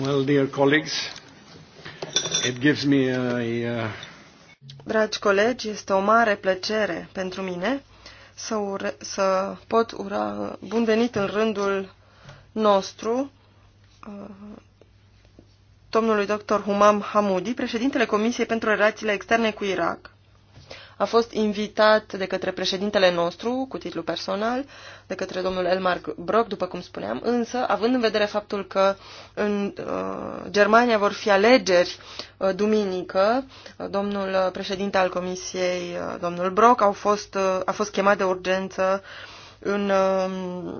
Well, dear colleagues, it gives me a, a... Dragi colegi, este o mare plăcere pentru mine să, ure, să pot ura bun venit în rândul nostru uh, domnului dr. Humam Hamudi, președintele Comisiei pentru Relațiile Externe cu Irak, a fost invitat de către președintele nostru, cu titlu personal, de către domnul Elmar Brock, după cum spuneam, însă, având în vedere faptul că în uh, Germania vor fi alegeri uh, duminică, uh, domnul uh, președinte al comisiei, uh, domnul Brock, au fost, uh, a fost chemat de urgență în, uh,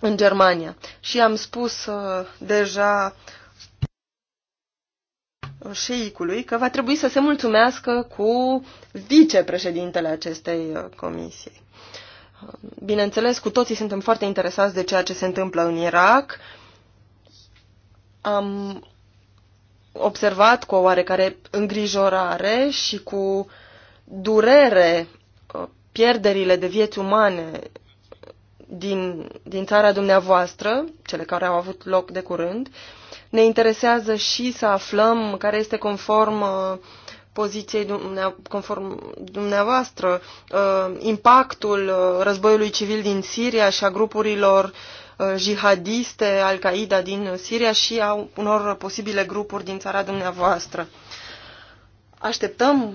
în Germania. Și am spus uh, deja șeicului că va trebui să se mulțumească cu vicepreședintele acestei uh, comisii. Uh, bineînțeles, cu toții suntem foarte interesați de ceea ce se întâmplă în Irak. Am observat cu o oarecare îngrijorare și cu durere uh, pierderile de vieți umane din, din țara dumneavoastră, cele care au avut loc de curând, uh, ne interesează și să aflăm care este conform uh, poziției conform dumneavoastră uh, impactul uh, războiului civil din Siria și a grupurilor jihadiste, Al-Qaeda din Siria și a unor posibile grupuri din țara dumneavoastră. Așteptăm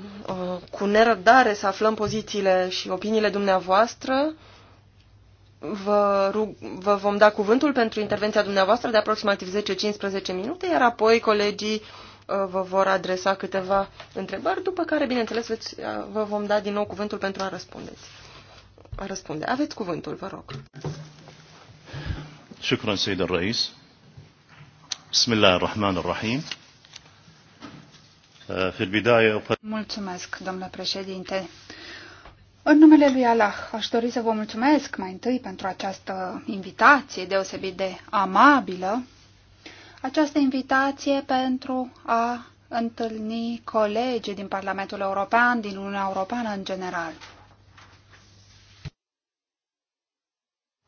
cu nerăbdare să aflăm pozițiile și opiniile dumneavoastră Vă, rug, vă vom da cuvântul pentru intervenția dumneavoastră de aproximativ 10-15 minute, iar apoi colegii uh, vă vor adresa câteva întrebări, după care, bineînțeles, veți, uh, vă vom da din nou cuvântul pentru a, răspunde. a răspunde. Aveți cuvântul, vă rog. Shukran, سيد al-Rais. الله uh, Mulțumesc, domnule președinte. În numele lui Allah, aș dori să vă mulțumesc mai întâi pentru această invitație deosebit de amabilă, această invitație pentru a întâlni colegi din Parlamentul European, din Uniunea Europeană în general.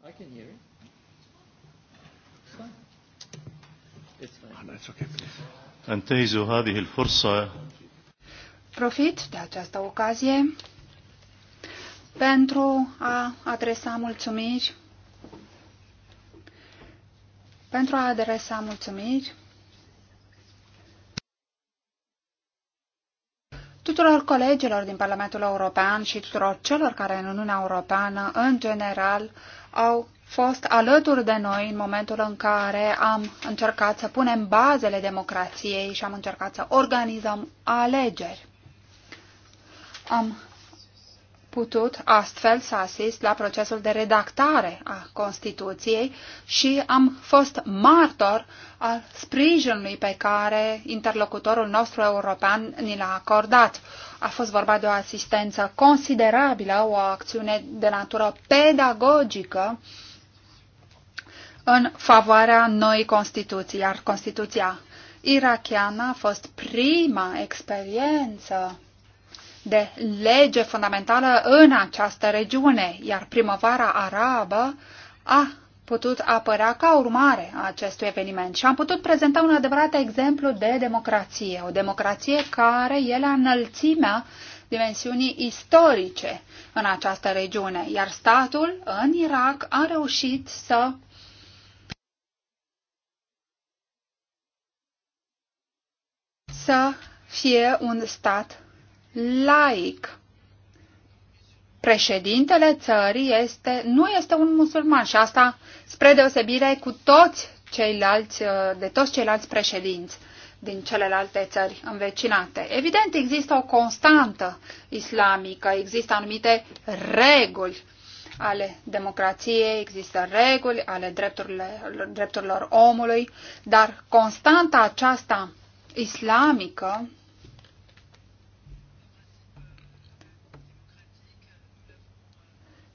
I can hear It's fine. It's fine. Ah, okay. Profit de această ocazie pentru a adresa mulțumiri pentru a adresa mulțumiri tuturor colegilor din Parlamentul European și tuturor celor care în Uniunea Europeană, în general, au fost alături de noi în momentul în care am încercat să punem bazele democrației și am încercat să organizăm alegeri. Am putut astfel să asist la procesul de redactare a Constituției și am fost martor al sprijinului pe care interlocutorul nostru european ni l-a acordat. A fost vorba de o asistență considerabilă, o acțiune de natură pedagogică în favoarea noii Constituții, iar Constituția irachiană a fost prima experiență de lege fundamentală în această regiune, iar primăvara arabă a putut apărea ca urmare a acestui eveniment și am putut prezenta un adevărat exemplu de democrație, o democrație care e la înălțimea dimensiunii istorice în această regiune, iar statul în Irak a reușit să să fie un stat laic. Președintele țării este, nu este un musulman și asta spre deosebire cu toți ceilalți, de toți ceilalți președinți din celelalte țări învecinate. Evident, există o constantă islamică, există anumite reguli ale democrației, există reguli ale drepturilor omului, dar constanta aceasta islamică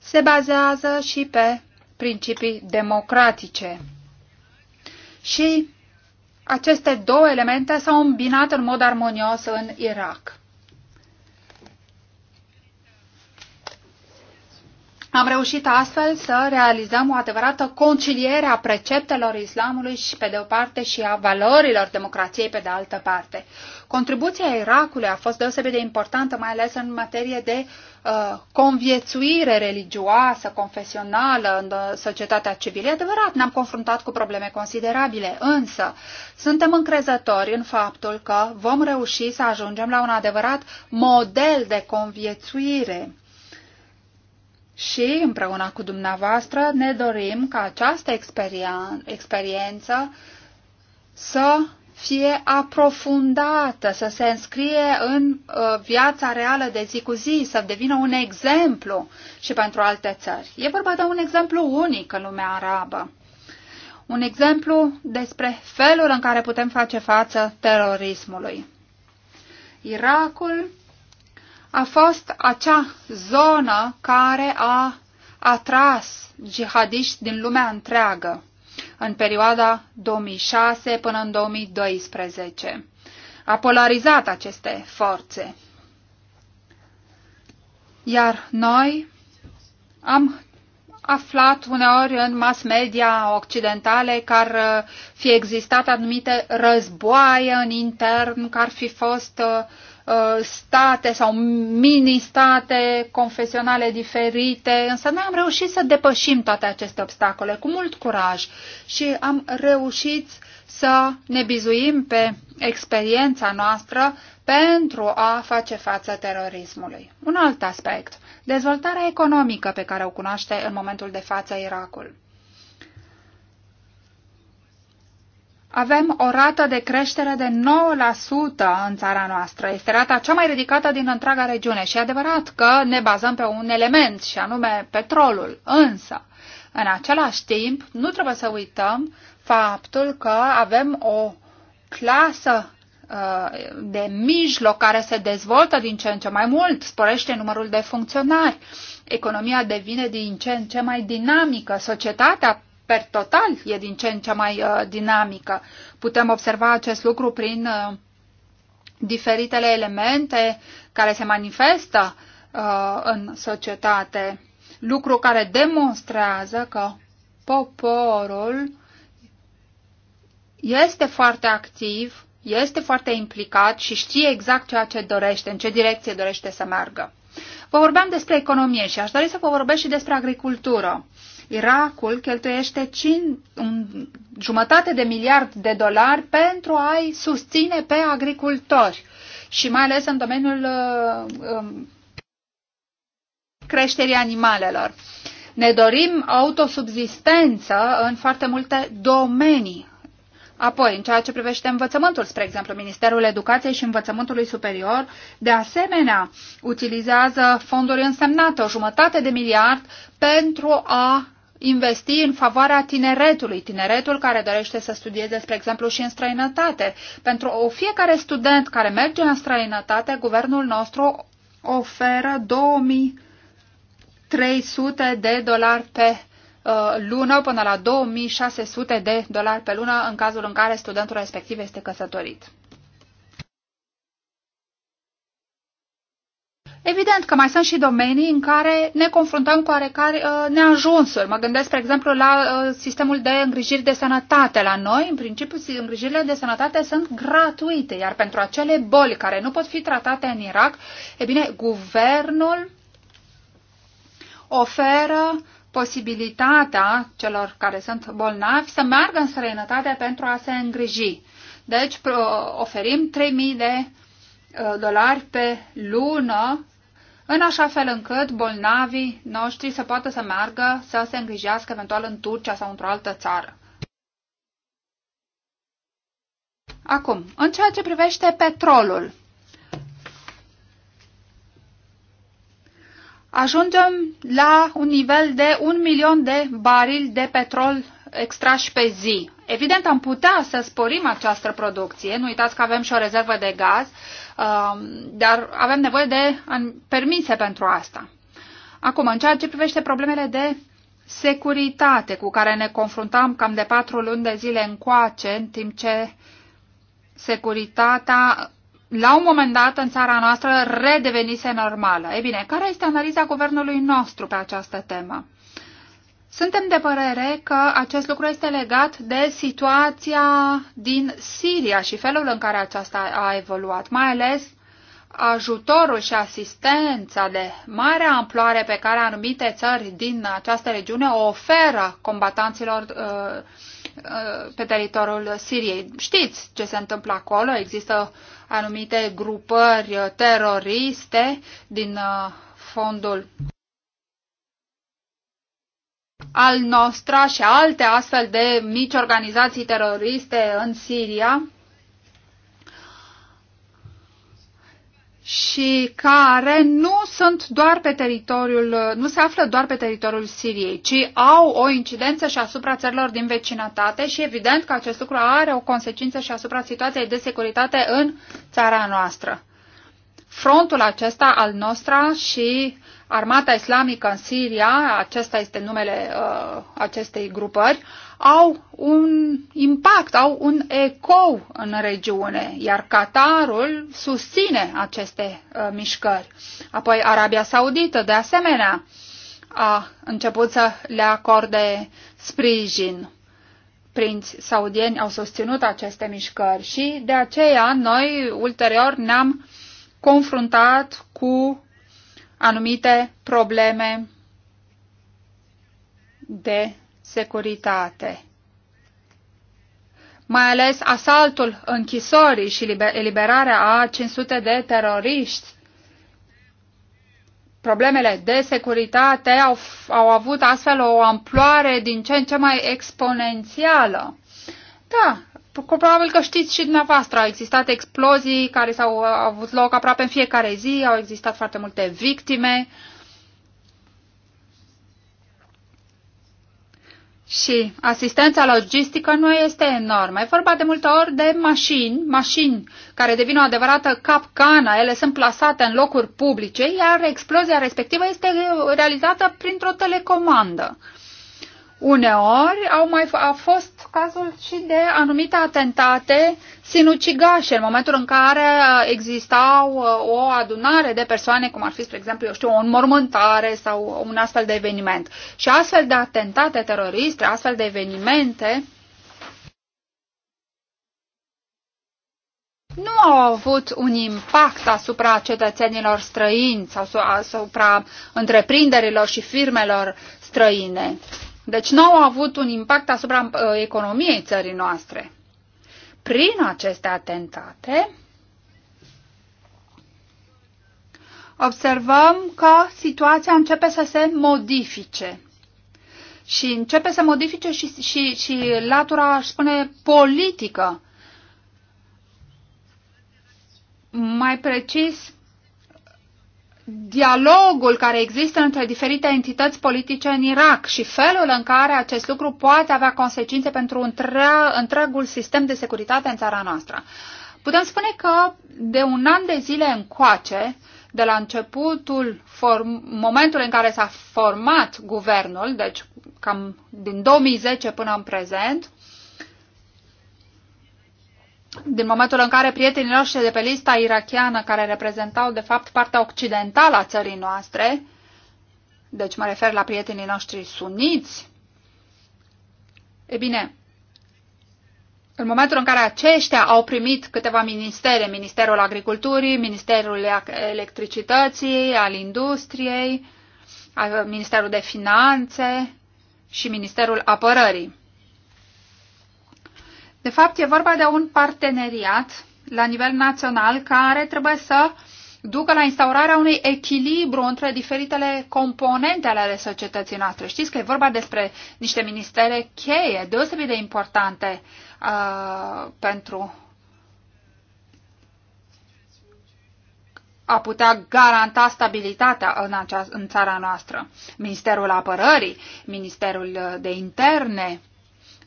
se bazează și pe principii democratice. Și aceste două elemente s-au îmbinat în mod armonios în Irak. Am reușit astfel să realizăm o adevărată conciliere a preceptelor islamului și pe de o parte și a valorilor democrației pe de altă parte. Contribuția Irakului a fost deosebit de importantă, mai ales în materie de uh, conviețuire religioasă, confesională în uh, societatea civilă. E adevărat, ne-am confruntat cu probleme considerabile, însă suntem încrezători în faptul că vom reuși să ajungem la un adevărat model de conviețuire și împreună cu dumneavoastră ne dorim ca această experien experiență să fie aprofundată, să se înscrie în uh, viața reală de zi cu zi, să devină un exemplu și pentru alte țări. E vorba de un exemplu unic în lumea arabă. Un exemplu despre felul în care putem face față terorismului. Irakul a fost acea zonă care a atras jihadiști din lumea întreagă în perioada 2006 până în 2012. A polarizat aceste forțe. Iar noi am aflat uneori în mass media occidentale că ar uh, fi existat anumite războaie în intern, că ar fi fost uh, Uh, state sau mini-state confesionale diferite, însă noi am reușit să depășim toate aceste obstacole cu mult curaj și am reușit să ne bizuim pe experiența noastră pentru a face față terorismului. Un alt aspect, dezvoltarea economică pe care o cunoaște în momentul de față Irakul. avem o rată de creștere de 9% în țara noastră. Este rata cea mai ridicată din întreaga regiune și e adevărat că ne bazăm pe un element și anume petrolul. Însă, în același timp, nu trebuie să uităm faptul că avem o clasă uh, de mijloc care se dezvoltă din ce în ce mai mult, sporește numărul de funcționari, economia devine din ce în ce mai dinamică, societatea per total e din ce în ce mai uh, dinamică. Putem observa acest lucru prin uh, diferitele elemente care se manifestă uh, în societate, lucru care demonstrează că poporul este foarte activ, este foarte implicat și știe exact ceea ce dorește, în ce direcție dorește să meargă. Vă vorbeam despre economie și aș dori să vă vorbesc și despre agricultură. Uh, Irakul cheltuiește cin, un, jumătate de miliard de dolari pentru a-i susține pe agricultori și mai ales în domeniul uh, um, creșterii animalelor. Ne dorim autosubzistență în foarte multe domenii. Apoi, în ceea ce privește învățământul, spre exemplu, Ministerul Educației și Învățământului Superior, de asemenea, utilizează fonduri însemnate, o jumătate de miliard, pentru a investi în favoarea tineretului, tineretul care dorește să studieze, spre exemplu, și în străinătate. Pentru o fiecare student care merge în străinătate, guvernul nostru oferă 2300 de dolari pe uh, lună până la 2600 de dolari pe lună în cazul în care studentul respectiv este căsătorit. Evident că mai sunt și domenii în care ne confruntăm cu oarecare uh, neajunsuri. Mă gândesc, spre exemplu, la uh, sistemul de îngrijiri de sănătate. La noi, în principiu, îngrijirile de sănătate sunt gratuite, iar pentru acele boli care nu pot fi tratate în Irak, e bine, guvernul oferă posibilitatea celor care sunt bolnavi să meargă în străinătate pentru a se îngriji. Deci uh, oferim 3.000 de uh, dolari pe lună în așa fel încât bolnavii noștri să poată să meargă să se îngrijească eventual în Turcia sau într-o altă țară. Acum, în ceea ce privește petrolul, ajungem la un nivel de 1 milion de barili de petrol extrași pe zi. Evident, am putea să sporim această producție. Nu uitați că avem și o rezervă de gaz, um, dar avem nevoie de permise pentru asta. Acum, în ceea ce privește problemele de securitate cu care ne confruntam cam de patru luni de zile încoace, în timp ce securitatea la un moment dat în țara noastră redevenise normală. E bine, care este analiza guvernului nostru pe această temă? Suntem de părere că acest lucru este legat de situația din Siria și felul în care aceasta a evoluat, mai ales ajutorul și asistența de mare amploare pe care anumite țări din această regiune o oferă combatanților uh, uh, pe teritoriul Siriei. Știți ce se întâmplă acolo? Există anumite grupări teroriste din uh, fondul al nostru și alte astfel de mici organizații teroriste în Siria și care nu sunt doar pe teritoriul, nu se află doar pe teritoriul Siriei, ci au o incidență și asupra țărilor din vecinătate și evident că acest lucru are o consecință și asupra situației de securitate în țara noastră. Frontul acesta al nostru și Armata Islamică în Siria, acesta este numele uh, acestei grupări, au un impact, au un ecou în regiune, iar Qatarul susține aceste uh, mișcări. Apoi Arabia Saudită, de asemenea, a început să le acorde sprijin. Prinți saudieni au susținut aceste mișcări și de aceea noi ulterior ne-am confruntat cu anumite probleme de securitate mai ales asaltul închisorii și eliberarea a 500 de teroriști. Problemele de securitate au, au avut astfel o amploare din ce în ce mai exponențială. Da, Probabil că știți și dumneavoastră, au existat explozii care s-au uh, avut loc aproape în fiecare zi, au existat foarte multe victime. Și asistența logistică nu este enormă. E vorba de multe ori de mașini, mașini care devin o adevărată capcană, ele sunt plasate în locuri publice, iar explozia respectivă este realizată printr-o telecomandă. Uneori au mai a fost cazul și de anumite atentate sinucigașe, în momentul în care uh, existau uh, o adunare de persoane, cum ar fi, spre exemplu, eu știu, o înmormântare sau un astfel de eveniment. Și astfel de atentate teroriste, astfel de evenimente, nu au avut un impact asupra cetățenilor străini sau asupra întreprinderilor și firmelor străine. Deci nu au avut un impact asupra uh, economiei țării noastre. Prin aceste atentate, observăm că situația începe să se modifice. Și începe să modifice și, și, și latura, aș spune, politică. Mai precis, dialogul care există între diferite entități politice în Irak și felul în care acest lucru poate avea consecințe pentru între, întregul sistem de securitate în țara noastră. Putem spune că de un an de zile încoace, de la începutul momentului momentul în care s-a format guvernul, deci cam din 2010 până în prezent, din momentul în care prietenii noștri de pe lista irachiană, care reprezentau de fapt partea occidentală a țării noastre, deci mă refer la prietenii noștri suniți, e bine, în momentul în care aceștia au primit câteva ministere, Ministerul Agriculturii, Ministerul Electricității, al Industriei, Ministerul de Finanțe și Ministerul Apărării. De fapt, e vorba de un parteneriat la nivel național care trebuie să ducă la instaurarea unui echilibru între diferitele componente ale societății noastre. Știți că e vorba despre niște ministere cheie, deosebit de importante uh, pentru a putea garanta stabilitatea în, acea, în țara noastră. Ministerul Apărării, Ministerul de Interne,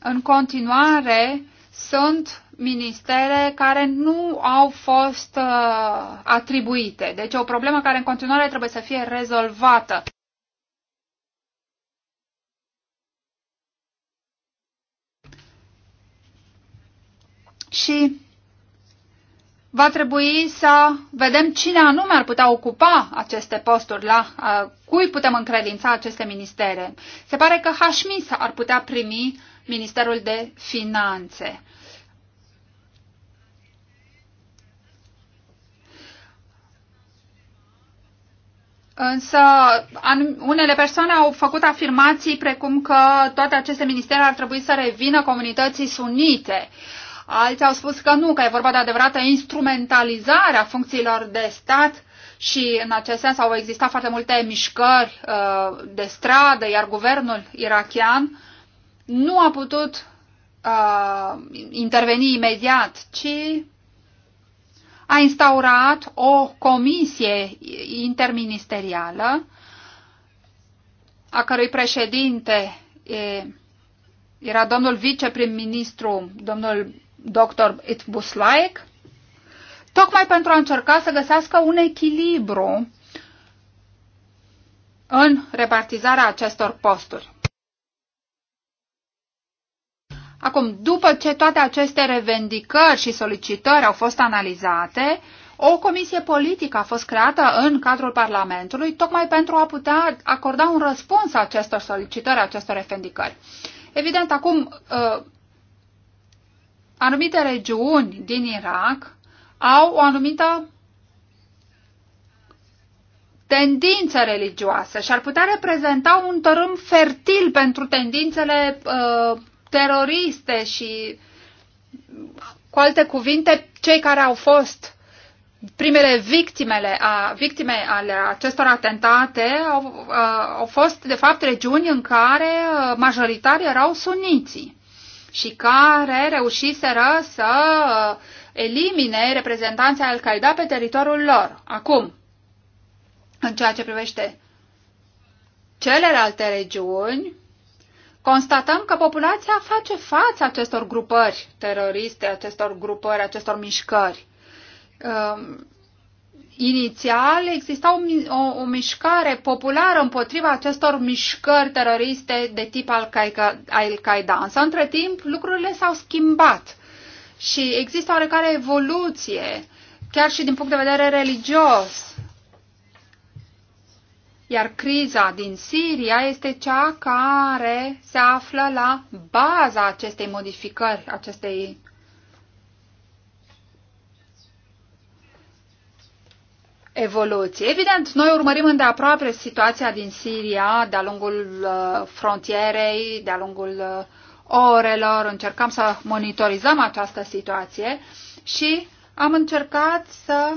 în continuare uh, sunt ministere care nu au fost uh, atribuite. Deci o problemă care în continuare trebuie să fie rezolvată. Și va trebui să vedem cine anume ar putea ocupa aceste posturi, la uh, cui putem încredința aceste ministere. Se pare că Hashmis ar putea primi uh, Ministerul de Finanțe. Însă unele persoane au făcut afirmații precum că toate aceste ministere ar trebui să revină comunității sunite. Alții au spus că nu, că e vorba de adevărată instrumentalizare a funcțiilor de stat și în acest sens au existat foarte multe mișcări uh, de stradă, iar guvernul irachian nu a putut uh, interveni imediat, ci a instaurat o comisie interministerială a cărui președinte e, era domnul viceprim-ministru, domnul dr. Itbuslaik, tocmai pentru a încerca să găsească un echilibru în repartizarea acestor posturi. Acum, după ce toate aceste revendicări și solicitări au fost analizate, o comisie politică a fost creată în cadrul Parlamentului tocmai pentru a putea acorda un răspuns a acestor solicitări, a acestor revendicări. Evident, acum uh, anumite regiuni din Irak au o anumită tendință religioasă și ar putea reprezenta un tărâm fertil pentru tendințele uh, teroriste și, cu alte cuvinte, cei care au fost primele victimele a, victime ale acestor atentate au, au fost, de fapt, regiuni în care majoritari erau suniții și care reușiseră să elimine reprezentanții Al-Qaeda pe teritoriul lor. Acum, în ceea ce privește celelalte regiuni, constatăm că populația face față acestor grupări teroriste, acestor grupări, acestor mișcări. Um, inițial exista o, o, o mișcare populară împotriva acestor mișcări teroriste de tip Al-Qaeda, însă între timp lucrurile s-au schimbat și există oarecare evoluție, chiar și din punct de vedere religios. Iar criza din Siria este cea care se află la baza acestei modificări, acestei evoluții. Evident, noi urmărim îndeaproape situația din Siria, de-a lungul uh, frontierei, de-a lungul uh, orelor, încercăm să monitorizăm această situație și am încercat să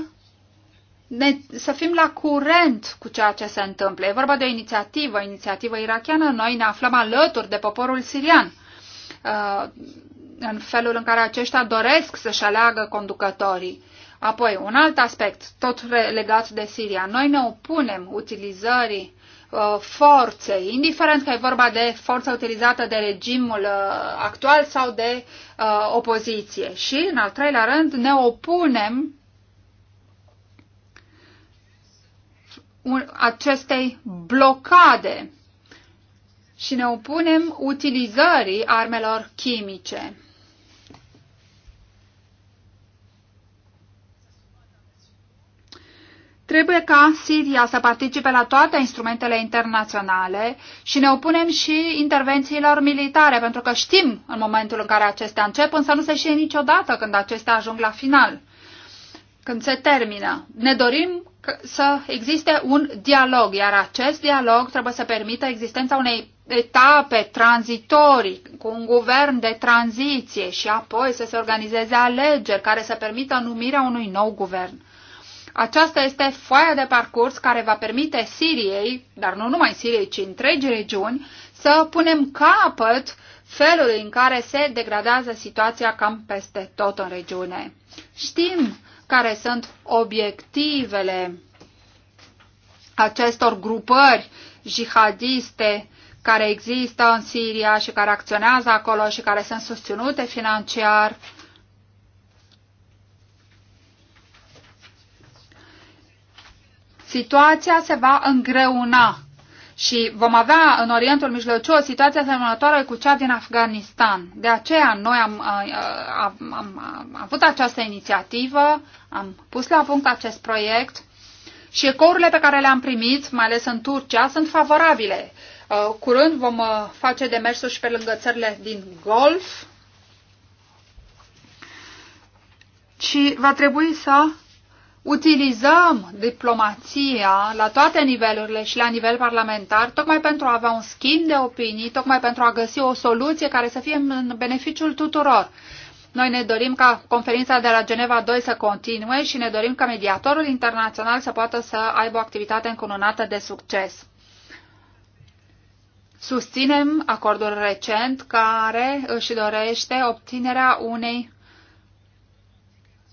ne, să fim la curent cu ceea ce se întâmplă. E vorba de o inițiativă, o inițiativă irachiană. Noi ne aflăm alături de poporul sirian uh, în felul în care aceștia doresc să-și aleagă conducătorii. Apoi, un alt aspect, tot legat de Siria. Noi ne opunem utilizării uh, forței, indiferent că e vorba de forța utilizată de regimul uh, actual sau de opoziție. Și, în al treilea rând, ne opunem acestei blocade și ne opunem utilizării armelor chimice. Trebuie ca Siria să participe la toate instrumentele internaționale și ne opunem și intervențiilor militare, pentru că știm în momentul în care acestea încep, însă nu se știe niciodată când acestea ajung la final, când se termină. Ne dorim să existe un dialog, iar acest dialog trebuie să permită existența unei etape tranzitorii cu un guvern de tranziție și apoi să se organizeze alegeri care să permită numirea unui nou guvern. Aceasta este foaia de parcurs care va permite Siriei, dar nu numai Siriei, ci întregi regiuni, să punem capăt felului în care se degradează situația cam peste tot în regiune. Știm care sunt obiectivele acestor grupări jihadiste care există în Siria și care acționează acolo și care sunt susținute financiar. Situația se va îngreuna și vom avea în Orientul Mijlociu o situație asemănătoare cu cea din Afganistan. De aceea noi am, uh, uh, am, am, am avut această inițiativă, am pus la punct acest proiect și ecourile pe care le-am primit, mai ales în Turcia, sunt favorabile. Uh, curând vom face demersuri și pe lângă țările din Golf și va trebui să utilizăm diplomația la toate nivelurile și la nivel parlamentar, tocmai pentru a avea un schimb de opinii, tocmai pentru a găsi o soluție care să fie în beneficiul tuturor. Noi ne dorim ca conferința de la Geneva 2 să continue și ne dorim ca mediatorul internațional să poată să aibă o activitate încununată de succes. Susținem acordul recent care își dorește obținerea unei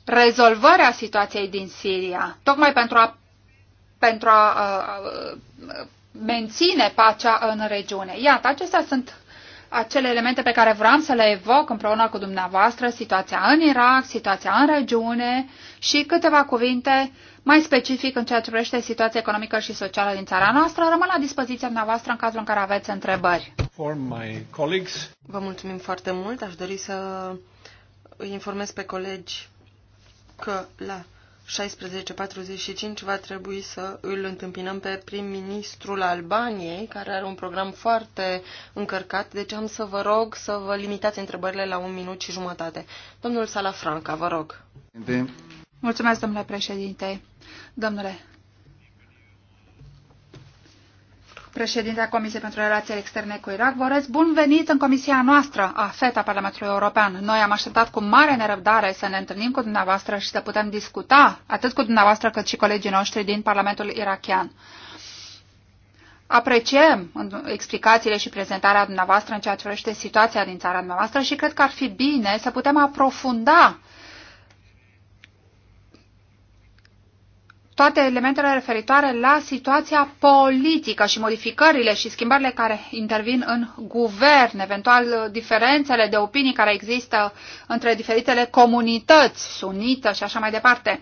rezolvarea situației din Siria, tocmai pentru a, pentru a, a menține pacea în regiune. Iată, acestea sunt acele elemente pe care vreau să le evoc împreună cu dumneavoastră, situația în Irak, situația în regiune și câteva cuvinte mai specific în ceea ce privește situația economică și socială din țara noastră. Rămân la dispoziția dumneavoastră în cazul în care aveți întrebări. Vă mulțumim foarte mult. Aș dori să îi informez pe colegi că la 16.45 va trebui să îl întâmpinăm pe prim-ministrul Albaniei, care are un program foarte încărcat, deci am să vă rog să vă limitați întrebările la un minut și jumătate. Domnul Salafranca, vă rog. Mulțumesc, domnule președinte. Domnule președinte a Comisiei pentru Relații Externe cu Irak. Vă urez bun venit în comisia noastră a FETA Parlamentului European. Noi am așteptat cu mare nerăbdare să ne întâlnim cu dumneavoastră și să putem discuta atât cu dumneavoastră cât și colegii noștri din Parlamentul Irakian. Apreciem explicațiile și prezentarea dumneavoastră în ceea ce privește situația din țara dumneavoastră și cred că ar fi bine să putem aprofunda uh, toate elementele referitoare la situația politică și modificările și schimbările care intervin în guvern, eventual diferențele de opinii care există între diferitele comunități sunită și așa mai departe.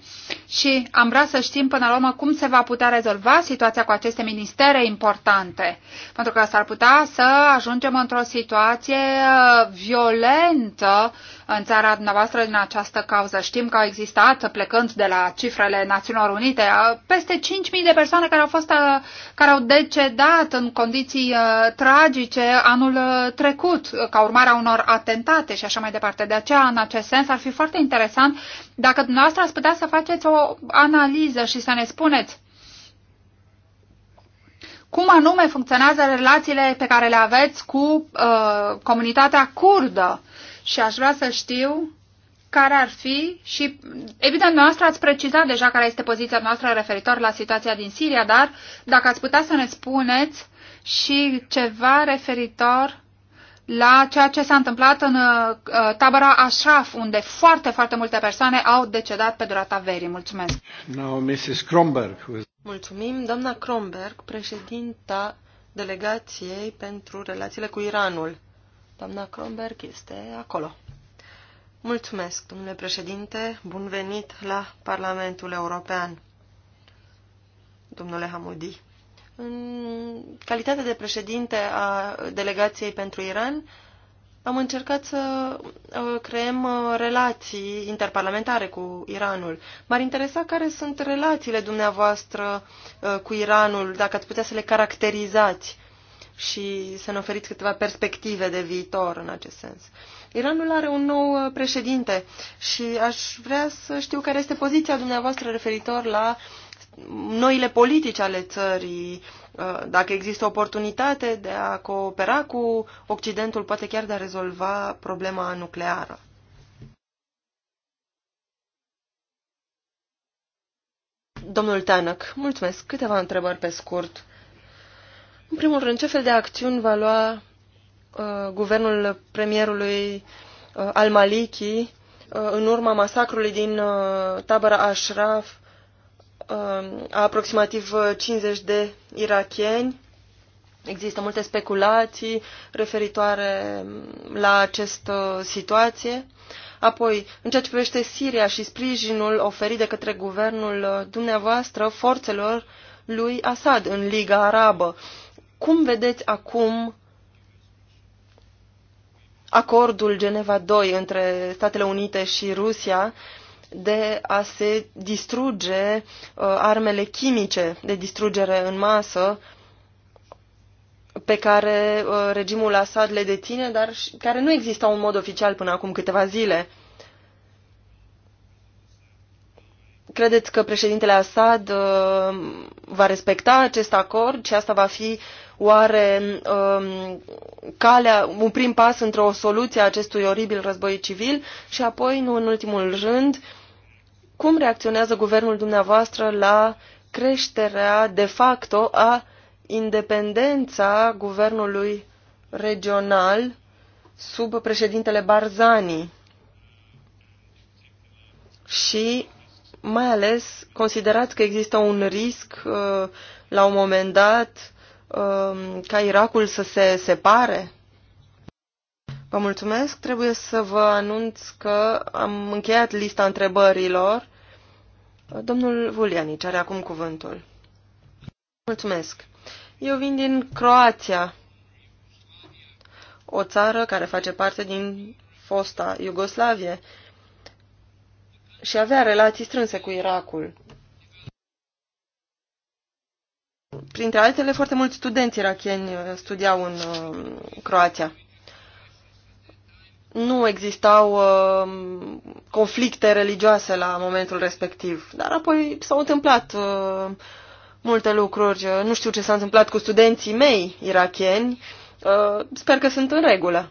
Și am vrea să știm până la urmă cum se va putea rezolva situația cu aceste ministere importante, pentru că s-ar putea să ajungem într-o situație uh, violentă în țara dumneavoastră din această cauză. Știm că au existat, plecând de la cifrele Națiunilor Unite, peste 5.000 de persoane care au, fost, care au decedat în condiții uh, tragice anul uh, trecut, ca urmare a unor atentate și așa mai departe. De aceea, în acest sens, ar fi foarte interesant dacă dumneavoastră ați putea să faceți o analiză și să ne spuneți cum anume funcționează relațiile pe care le aveți cu uh, comunitatea curdă. Uh, și aș vrea să știu care ar fi și, evident, noastră ați precizat deja care este poziția noastră referitor la situația din Siria, dar dacă ați putea să ne spuneți și ceva referitor la ceea ce s-a întâmplat în uh, tabăra Ashraf, unde foarte, foarte multe persoane au decedat pe durata verii. Mulțumesc. Now, Mrs. Kronberg. Who... Mulțumim, doamna Kronberg, președinta delegației pentru relațiile cu Iranul. Doamna Kronberg este acolo. Mulțumesc, domnule președinte, bun venit la Parlamentul European. Domnule Hamudi, în calitate de președinte a delegației pentru Iran, am încercat să uh, creăm uh, relații interparlamentare cu Iranul. M-ar interesa care sunt relațiile dumneavoastră uh, cu Iranul, dacă ați putea să le caracterizați și să ne oferiți câteva perspective de viitor în acest sens. Iranul are un nou uh, președinte și aș vrea să știu care este poziția dumneavoastră referitor la noile politici ale țării, uh, dacă există oportunitate de a coopera cu Occidentul, poate chiar de a rezolva problema nucleară. Domnul Tanăc, mulțumesc. Câteva întrebări pe scurt. În primul rând, ce fel de acțiuni va lua uh, guvernul premierului uh, al-Maliki uh, în urma masacrului din uh, tabăra Ashraf uh, a aproximativ 50 uh, de irachieni? Există multe speculații referitoare um, la această uh, situație. Apoi, în ceea ce privește Siria și sprijinul oferit de către guvernul uh, dumneavoastră forțelor lui Assad în Liga Arabă, cum vedeți acum acordul Geneva 2 între Statele Unite și Rusia de a se distruge uh, armele chimice de distrugere în masă pe care uh, regimul Assad le deține, dar care nu existau în mod oficial până acum câteva zile. Credeți că președintele Assad uh, va respecta acest acord și asta va fi Oare um, calea, un prim pas între o soluție a acestui oribil război civil și apoi, nu în ultimul rând, cum reacționează guvernul dumneavoastră la creșterea de facto a independența guvernului regional sub președintele Barzani și mai ales considerați că există un risc uh, la un moment dat Um, ca Irakul să se separe? Vă mulțumesc. Trebuie să vă anunț că am încheiat lista întrebărilor. Domnul Vulianici are acum cuvântul. Mulțumesc. Eu vin din Croația, o țară care face parte din fosta Iugoslavie și avea relații strânse cu Irakul. Printre altele, foarte mulți studenți iracheni uh, studiau în uh, Croația. Nu existau uh, conflicte religioase la momentul respectiv, dar apoi s-au întâmplat multe lucruri. Nu știu ce s-a întâmplat cu studenții mei irachieni. Sper că sunt în regulă.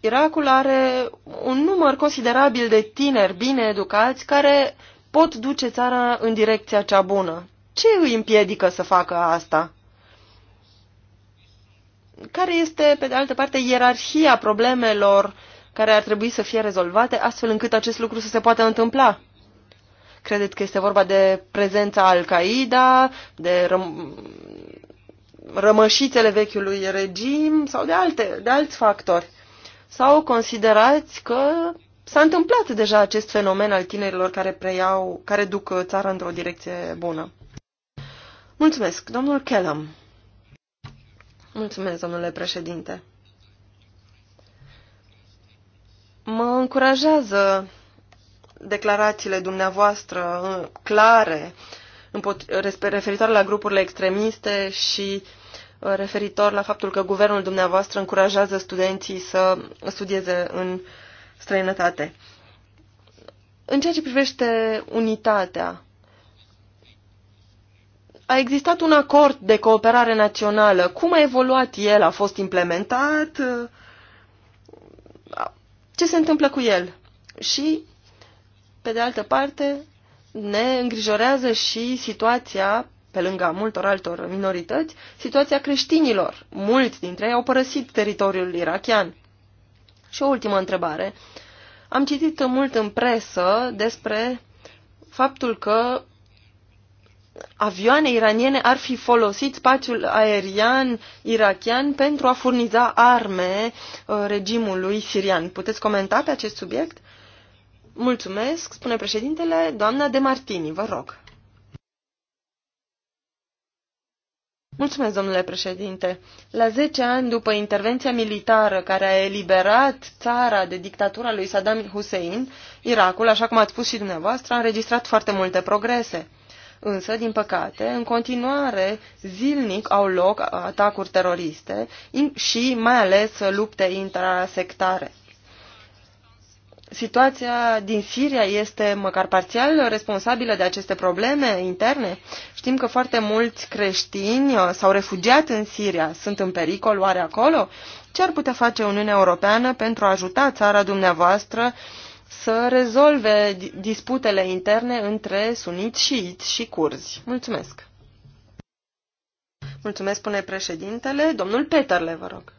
Irakul are un număr considerabil de tineri bine educați care pot duce țara în direcția cea bună ce îi împiedică să facă asta? Care este, pe de altă parte, ierarhia problemelor care ar trebui să fie rezolvate astfel încât acest lucru să se poată întâmpla? Credeți că este vorba de prezența Al-Qaeda, de răm rămășițele vechiului regim sau de, alte, de alți factori? Sau considerați că S-a întâmplat deja acest fenomen al tinerilor care preiau, care duc țara într-o direcție bună. Mulțumesc, domnul Kellam. Mulțumesc, domnule președinte. Mă încurajează declarațiile dumneavoastră uh, clare referitoare la grupurile extremiste și uh, referitor la faptul că guvernul dumneavoastră încurajează studenții să studieze în străinătate. În ceea ce privește unitatea, a existat un acord de cooperare națională. Cum a evoluat el? A fost implementat? Ce se întâmplă cu el? Și, pe de altă parte, ne îngrijorează și situația, pe lângă multor altor minorități, situația creștinilor. Mulți dintre ei au părăsit teritoriul irachian. Și o ultimă întrebare. Am citit mult în presă despre faptul că avioane iraniene ar fi folosit spațiul aerian irachian pentru a furniza arme uh, regimului sirian. Puteți comenta pe acest subiect? Mulțumesc, spune președintele, doamna De Martini, vă rog. Mulțumesc, domnule președinte. La 10 ani după intervenția militară care a eliberat țara de dictatura lui Saddam Hussein, Irakul, așa cum ați spus și dumneavoastră, a înregistrat foarte multe progrese Însă, din păcate, în continuare, zilnic au loc atacuri teroriste și mai ales lupte intrasectare. Situația din Siria este măcar parțial responsabilă de aceste probleme interne? Știm că foarte mulți creștini uh, s-au refugiat în Siria. Sunt în pericol oare acolo? Ce ar putea face Uniunea Europeană pentru a ajuta țara dumneavoastră uh, să rezolve disputele interne între suniți, iți și curzi. Mulțumesc! Mulțumesc, spune președintele. Domnul Peterle, vă rog.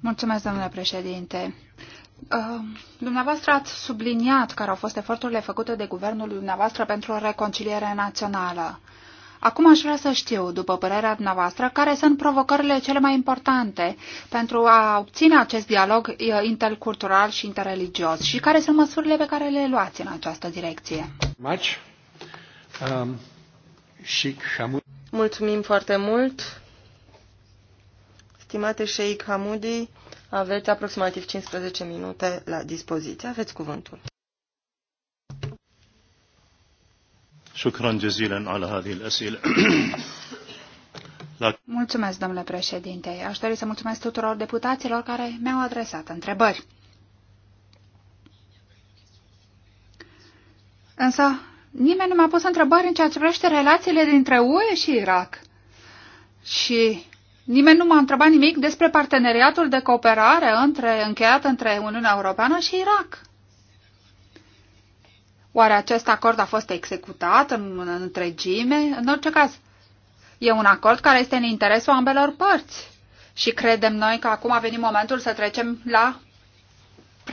Mulțumesc, domnule președinte. Uh, dumneavoastră ați subliniat care au fost eforturile făcute de guvernul dumneavoastră pentru o reconciliere națională. Acum aș vrea să știu, după părerea dumneavoastră, care sunt provocările cele mai importante pentru a obține acest dialog intercultural și interreligios și care sunt măsurile pe care le luați în această direcție. Um, Mulțumim foarte mult. Stimate Sheikh Hamudi, aveți aproximativ 15 minute la dispoziție. Aveți cuvântul. شكرا جزيلا على هذه الأسئلة Mulțumesc, domnule președinte. Aș dori să mulțumesc tuturor deputaților care mi-au adresat întrebări. Însă, nimeni nu mi-a pus întrebări în ceea ce privește relațiile dintre UE și Irak. Și nimeni nu m-a întrebat nimic despre parteneriatul de cooperare între, încheiat între Uniunea Europeană și Irak. Oare acest acord a fost executat în întregime? În orice caz, e un acord care este în interesul ambelor părți. Și credem noi că acum a venit momentul să trecem la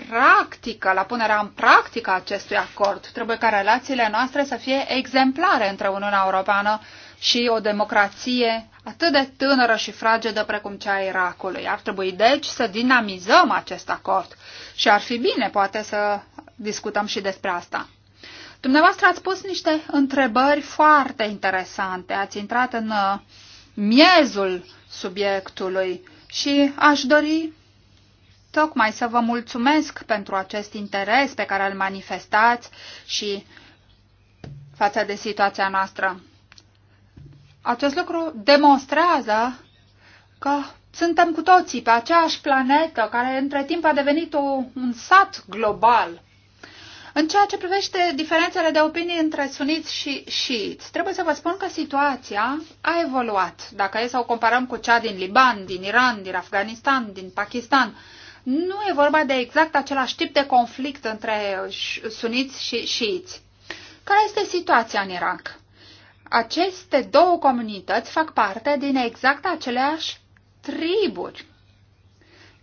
practică, la punerea în practică acestui acord. Trebuie ca relațiile noastre să fie exemplare între Uniunea Europeană și o democrație atât de tânără și fragedă precum cea a Irakului. Ar trebui deci să dinamizăm acest acord și ar fi bine poate să discutăm și despre asta. Dumneavoastră ați pus niște întrebări foarte interesante, ați intrat în uh, miezul subiectului și aș dori tocmai să vă mulțumesc pentru acest interes pe care îl manifestați și față de situația noastră. Acest lucru demonstrează că suntem cu toții pe aceeași planetă care între timp a devenit o, un sat global în ceea ce privește diferențele de opinii între suniți și șiiți, trebuie să vă spun că situația a evoluat. Dacă e să o comparăm cu cea din Liban, din Iran, din Afganistan, din Pakistan, nu e vorba de exact același tip de conflict între suniți și șiiți. Care este situația în Irak? Aceste două comunități fac parte din exact aceleași triburi.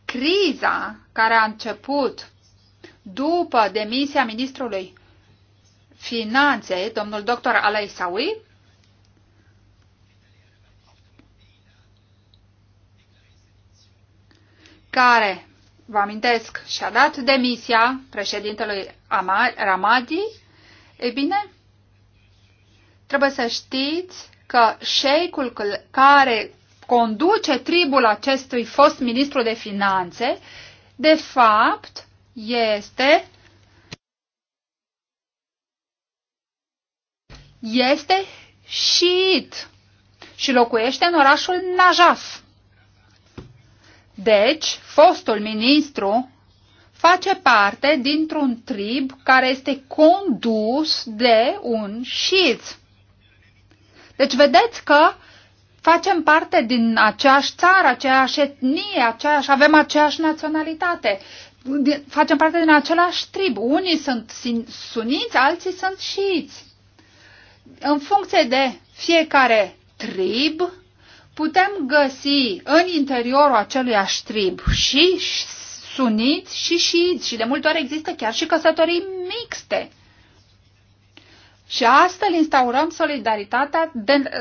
Criza care a început după demisia ministrului finanței, domnul dr. Alei Saui, care, vă amintesc, și-a dat demisia președintelui Ramadi, e bine, trebuie să știți că șeicul care conduce tribul acestui fost ministru de finanțe, de fapt, este este șiit și locuiește în orașul Najaf. Deci, fostul ministru face parte dintr-un trib care este condus de un șiit. Deci vedeți că facem parte din aceeași țară, aceeași etnie, aceeași, avem aceeași naționalitate facem parte din același trib. Unii sunt suniți, alții sunt șiiți. În funcție de fiecare trib, putem găsi în interiorul acelui trib și suniți și șiiți și de multe ori există chiar și căsătorii mixte. Și astfel instaurăm solidaritatea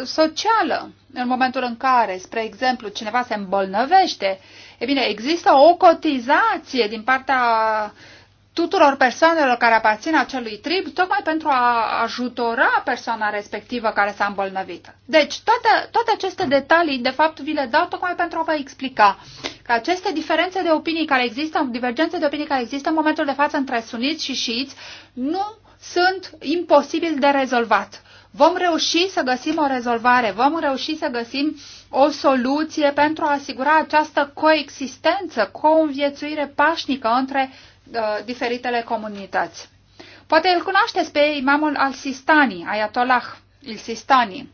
socială. În momentul în care, spre exemplu, cineva se îmbolnăvește, e bine, există o cotizație din partea tuturor persoanelor care aparțin acelui trib, tocmai pentru a ajutora persoana respectivă care s-a îmbolnăvit. Deci, toate, toate aceste detalii, de fapt, vi le dau tocmai pentru a vă explica că aceste diferențe de opinii care există, divergențe de opinii care există în momentul de față între suniți și șiți, nu sunt imposibil de rezolvat. Vom reuși să găsim o rezolvare, vom reuși să găsim o soluție pentru a asigura această coexistență, conviețuire pașnică între uh, diferitele comunități. Poate îl cunoașteți pe imamul al-Sistani, Ayatollah il sistani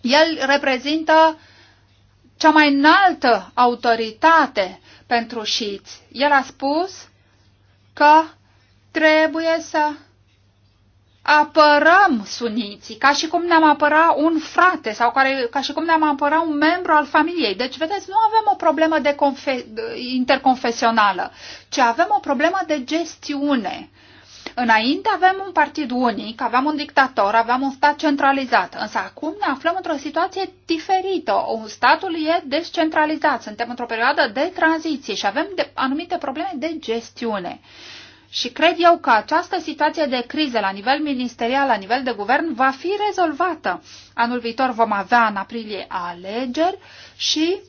El reprezintă cea mai înaltă autoritate pentru șiți. El a spus că Trebuie să apărăm suniții, ca și cum ne-am apăra un frate sau care, ca și cum ne-am apăra un membru al familiei. Deci, vedeți, nu avem o problemă de interconfesională, ci avem o problemă de gestiune. Înainte avem un partid unic, aveam un dictator, aveam un stat centralizat, însă acum ne aflăm într-o situație diferită. Un statul e descentralizat, suntem într-o perioadă de tranziție și avem de, anumite probleme de gestiune. Și cred eu că această situație de criză la nivel ministerial, la nivel de guvern, va fi rezolvată. Anul viitor vom avea în aprilie alegeri și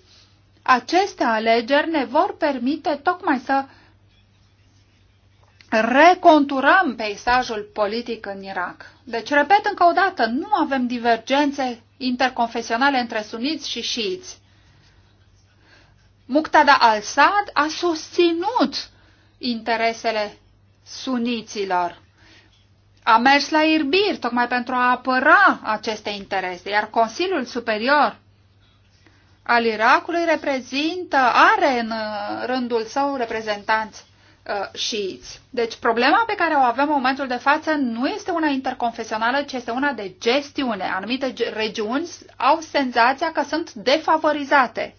aceste alegeri ne vor permite tocmai să reconturăm peisajul politic în Irak. Deci, repet încă o dată, nu avem divergențe interconfesionale între suniți și șiiți. Muqtada al-Sad a susținut interesele suniților. A mers la Irbir tocmai pentru a apăra aceste interese, iar Consiliul Superior al Irakului reprezintă, are în uh, rândul său reprezentanți uh, șiiți. Deci problema pe care o avem în momentul de față nu este una interconfesională, ci este una de gestiune. Anumite regiuni au senzația că sunt defavorizate.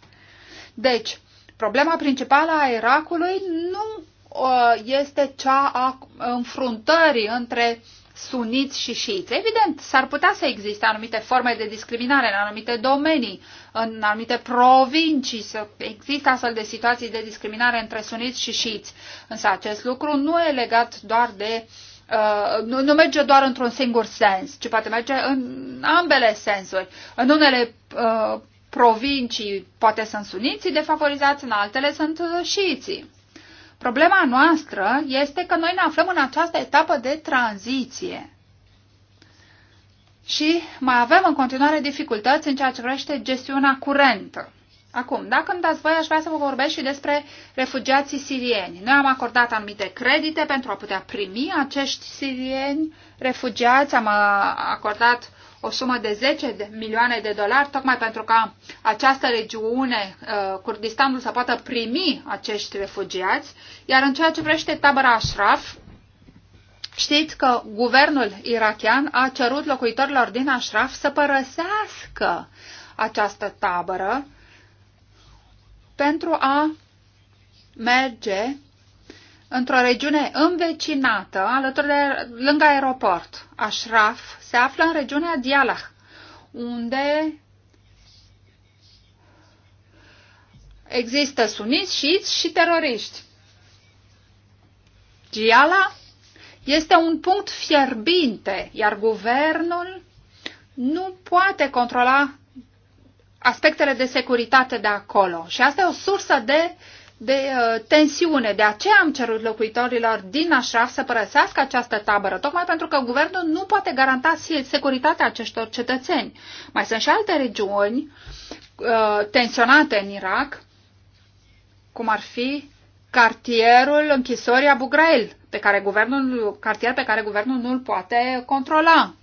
Deci, problema principală a Irakului nu este cea a înfruntării între suniți și șiiți. Evident, s-ar putea să existe anumite forme de discriminare în anumite domenii, în anumite provincii, să există astfel de situații de discriminare între suniți și șiiți. Însă acest lucru nu e legat doar de Uh, nu, nu merge doar într-un singur sens, ci poate merge în ambele sensuri. În unele uh, provincii poate sunt suniții defavorizați, în altele sunt uh, șiiții. Problema noastră este că noi ne aflăm în această etapă de tranziție. Și mai avem în continuare dificultăți în ceea ce privește gestiunea curentă. Acum, dacă îmi dați voi, aș vrea să vă vorbesc și despre refugiații sirieni. Noi am acordat anumite credite pentru a putea primi acești sirieni refugiați, am acordat o sumă de 10 de milioane de dolari, tocmai pentru ca această regiune, uh, Kurdistanul, să poată primi acești refugiați. Iar în ceea ce privește tabăra Ashraf, știți că guvernul irachian a cerut locuitorilor din Ashraf să părăsească această tabără pentru a merge într-o regiune învecinată, alături de, lângă aeroport. Ashraf se află în regiunea Dialah, unde există suniți, șiți și teroriști. Dialah este un punct fierbinte, iar guvernul nu poate controla aspectele de securitate de acolo. Și asta e o sursă de uh, de uh, tensiune. De aceea am cerut locuitorilor din Așraf să părăsească această tabără, tocmai pentru că guvernul nu poate garanta securitatea acestor cetățeni. Mai sunt și alte regiuni uh, tensionate în Irak, cum ar fi cartierul închisorii Abu Ghrail, pe care guvernul, cartier pe care guvernul nu îl poate controla.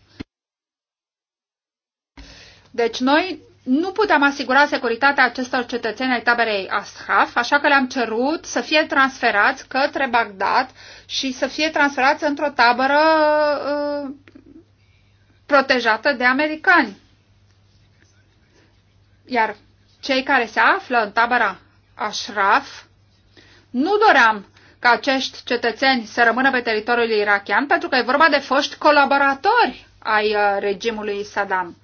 Deci noi nu puteam asigura securitatea acestor cetățeni ai taberei Ashaf, așa că le-am cerut să fie transferați către Bagdad și să fie transferați într-o tabără uh, protejată de americani. Iar cei care se află în tabăra Ashraf, nu doream ca acești cetățeni să rămână pe teritoriul irachian, pentru că e vorba de foști colaboratori ai uh, regimului Saddam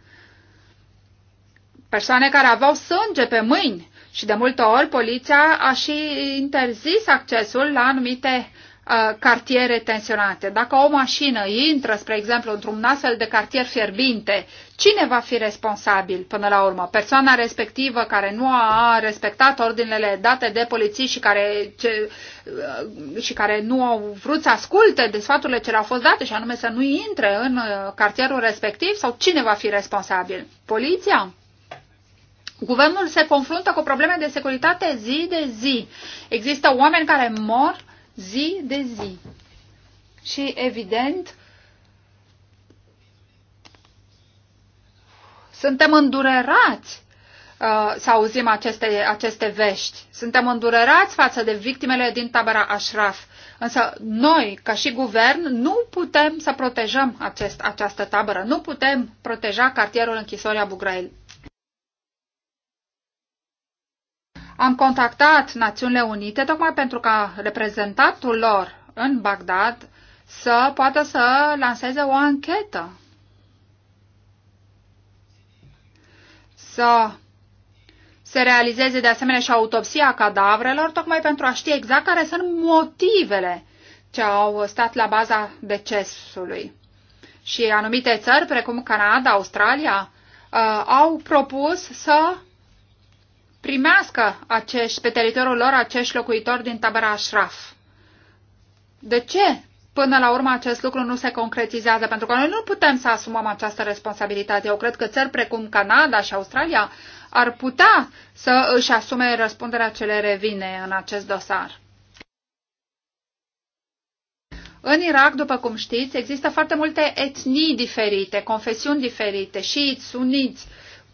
persoane care aveau sânge pe mâini și de multe ori poliția a și interzis accesul la anumite uh, cartiere tensionate. Dacă o mașină intră, spre exemplu, într-un astfel de cartier fierbinte, cine va fi responsabil până la urmă? Persoana respectivă care nu a respectat ordinele date de poliții și care, ce, uh, și care nu au vrut să asculte de sfaturile ce le-au fost date și anume să nu intre în uh, cartierul respectiv sau cine va fi responsabil? Poliția? Guvernul se confruntă cu probleme de securitate zi de zi. Există oameni care mor zi de zi. Și, evident, suntem îndurerați uh, să auzim aceste, aceste vești. Suntem îndurerați față de victimele din tabăra Ashraf. Însă noi, ca și guvern, nu putem să protejăm acest, această tabără. Nu putem proteja cartierul închisorii Abu Ghraib. Am contactat Națiunile Unite tocmai pentru ca reprezentantul lor în Bagdad să poată să lanseze o anchetă. Să se realizeze de asemenea și autopsia cadavrelor, tocmai pentru a ști exact care sunt motivele ce au stat la baza decesului. Și anumite țări, precum Canada, Australia, uh, au propus să primească acești, pe teritoriul lor acești locuitori din tabăra Ashraf. De ce până la urmă acest lucru nu se concretizează? Pentru că noi nu putem să asumăm această responsabilitate. Eu cred că țări precum Canada și Australia ar putea să își asume răspunderea ce le revine în acest dosar. În Irak, după cum știți, există foarte multe etnii diferite, confesiuni diferite, șiiți, suniți,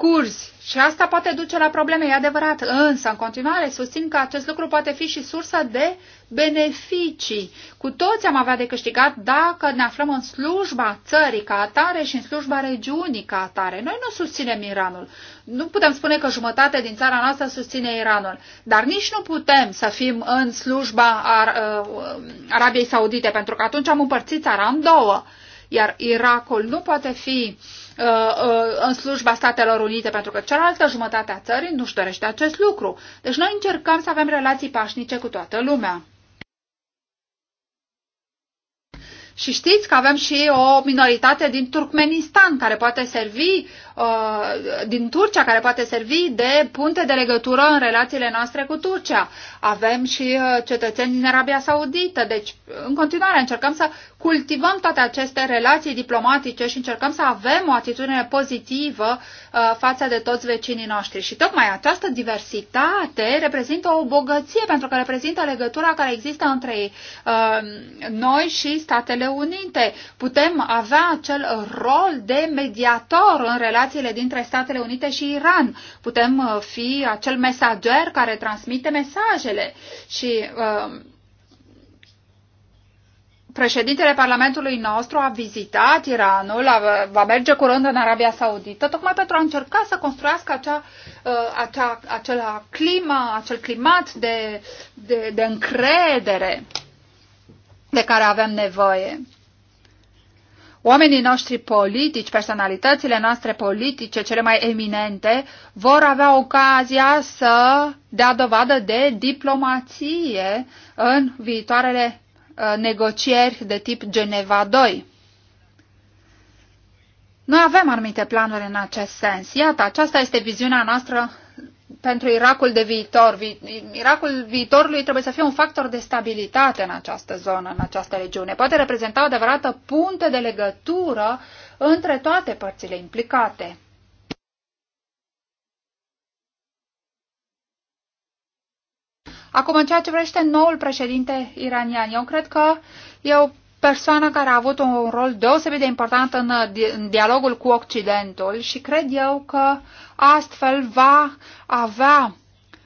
scurzi și asta poate duce la probleme, e adevărat, însă în continuare susțin că acest lucru poate fi și sursa de beneficii. Cu toți am avea de câștigat dacă ne aflăm în slujba țării ca atare și în slujba regiunii ca atare. Noi nu susținem Iranul. Nu putem spune că jumătate din țara noastră susține Iranul, dar nici nu putem să fim în slujba Ar- uh, Arabiei Saudite, pentru că atunci am împărțit țara în două, iar Irakul nu poate fi uh, Uh, uh, în slujba Statelor Unite, pentru că cealaltă jumătate a țării nu-și dorește acest lucru. Deci noi încercăm să avem relații pașnice cu toată lumea. Și știți că avem și o minoritate din Turkmenistan care poate servi Uh, din Turcia, care poate servi de punte de legătură în relațiile noastre cu Turcia. Avem și uh, cetățeni din Arabia Saudită. Deci, în continuare, încercăm să cultivăm toate aceste relații diplomatice și încercăm să avem o atitudine pozitivă uh, față de toți vecinii noștri. Și tocmai această diversitate reprezintă o bogăție, pentru că reprezintă legătura care există între noi și Statele Unite. Putem avea acel rol de mediator în relații relațiile dintre Statele Unite și Iran. Putem uh, fi acel mesager care transmite mesajele și uh, președintele Parlamentului nostru a vizitat Iranul, a, va merge curând în Arabia Saudită, tocmai pentru a încerca să construiască acea, uh, acea, acela clima, acel climat de, de, de încredere de care avem nevoie. Oamenii noștri politici, personalitățile noastre politice cele mai eminente vor avea ocazia să dea dovadă de diplomație în viitoarele uh, negocieri de tip Geneva 2. Noi avem anumite planuri în acest sens. Iată, aceasta este viziunea noastră pentru Irakul de viitor. Irakul viitorului trebuie să fie un factor de stabilitate în această zonă, în această regiune. Poate reprezenta o adevărată punte de legătură între toate părțile implicate. Acum, în ceea ce vrește noul președinte iranian, eu cred că e o persoană care a avut un rol deosebit de important în, uh, în dialogul cu Occidentul și cred eu că astfel va avea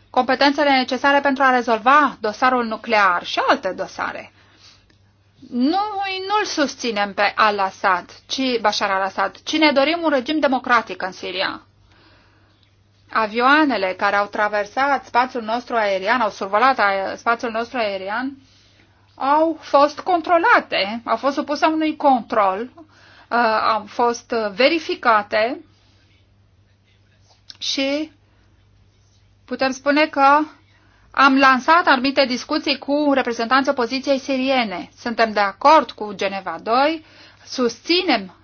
competențele necesare pentru a rezolva dosarul nuclear și alte dosare. Nu, nu-l susținem pe al-Assad, ci Bashar al-Assad, ci ne dorim un regim democratic în Siria. Avioanele care au traversat spațiul nostru aerian, au survolat spațiul nostru aerian, au fost controlate, au fost supuse unui control, uh, au fost uh, verificate și putem spune că am lansat anumite discuții cu reprezentanții opoziției siriene. Suntem de acord cu Geneva 2, susținem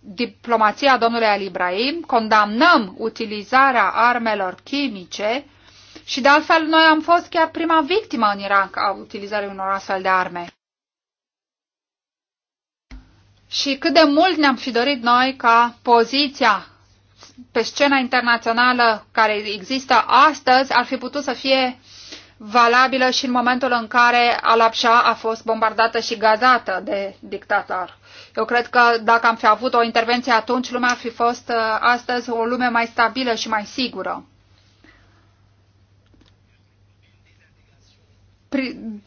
diplomația domnului Al Ibrahim, condamnăm utilizarea armelor chimice și de altfel, noi am fost chiar prima victimă în Irak a utilizării unor astfel de arme. Și cât de mult ne-am fi dorit noi ca poziția pe scena internațională care există astăzi ar fi putut să fie valabilă și în momentul în care al a fost bombardată și gazată de dictator. Eu cred că dacă am fi avut o intervenție atunci, lumea ar fi fost uh, astăzi o lume mai stabilă și mai sigură.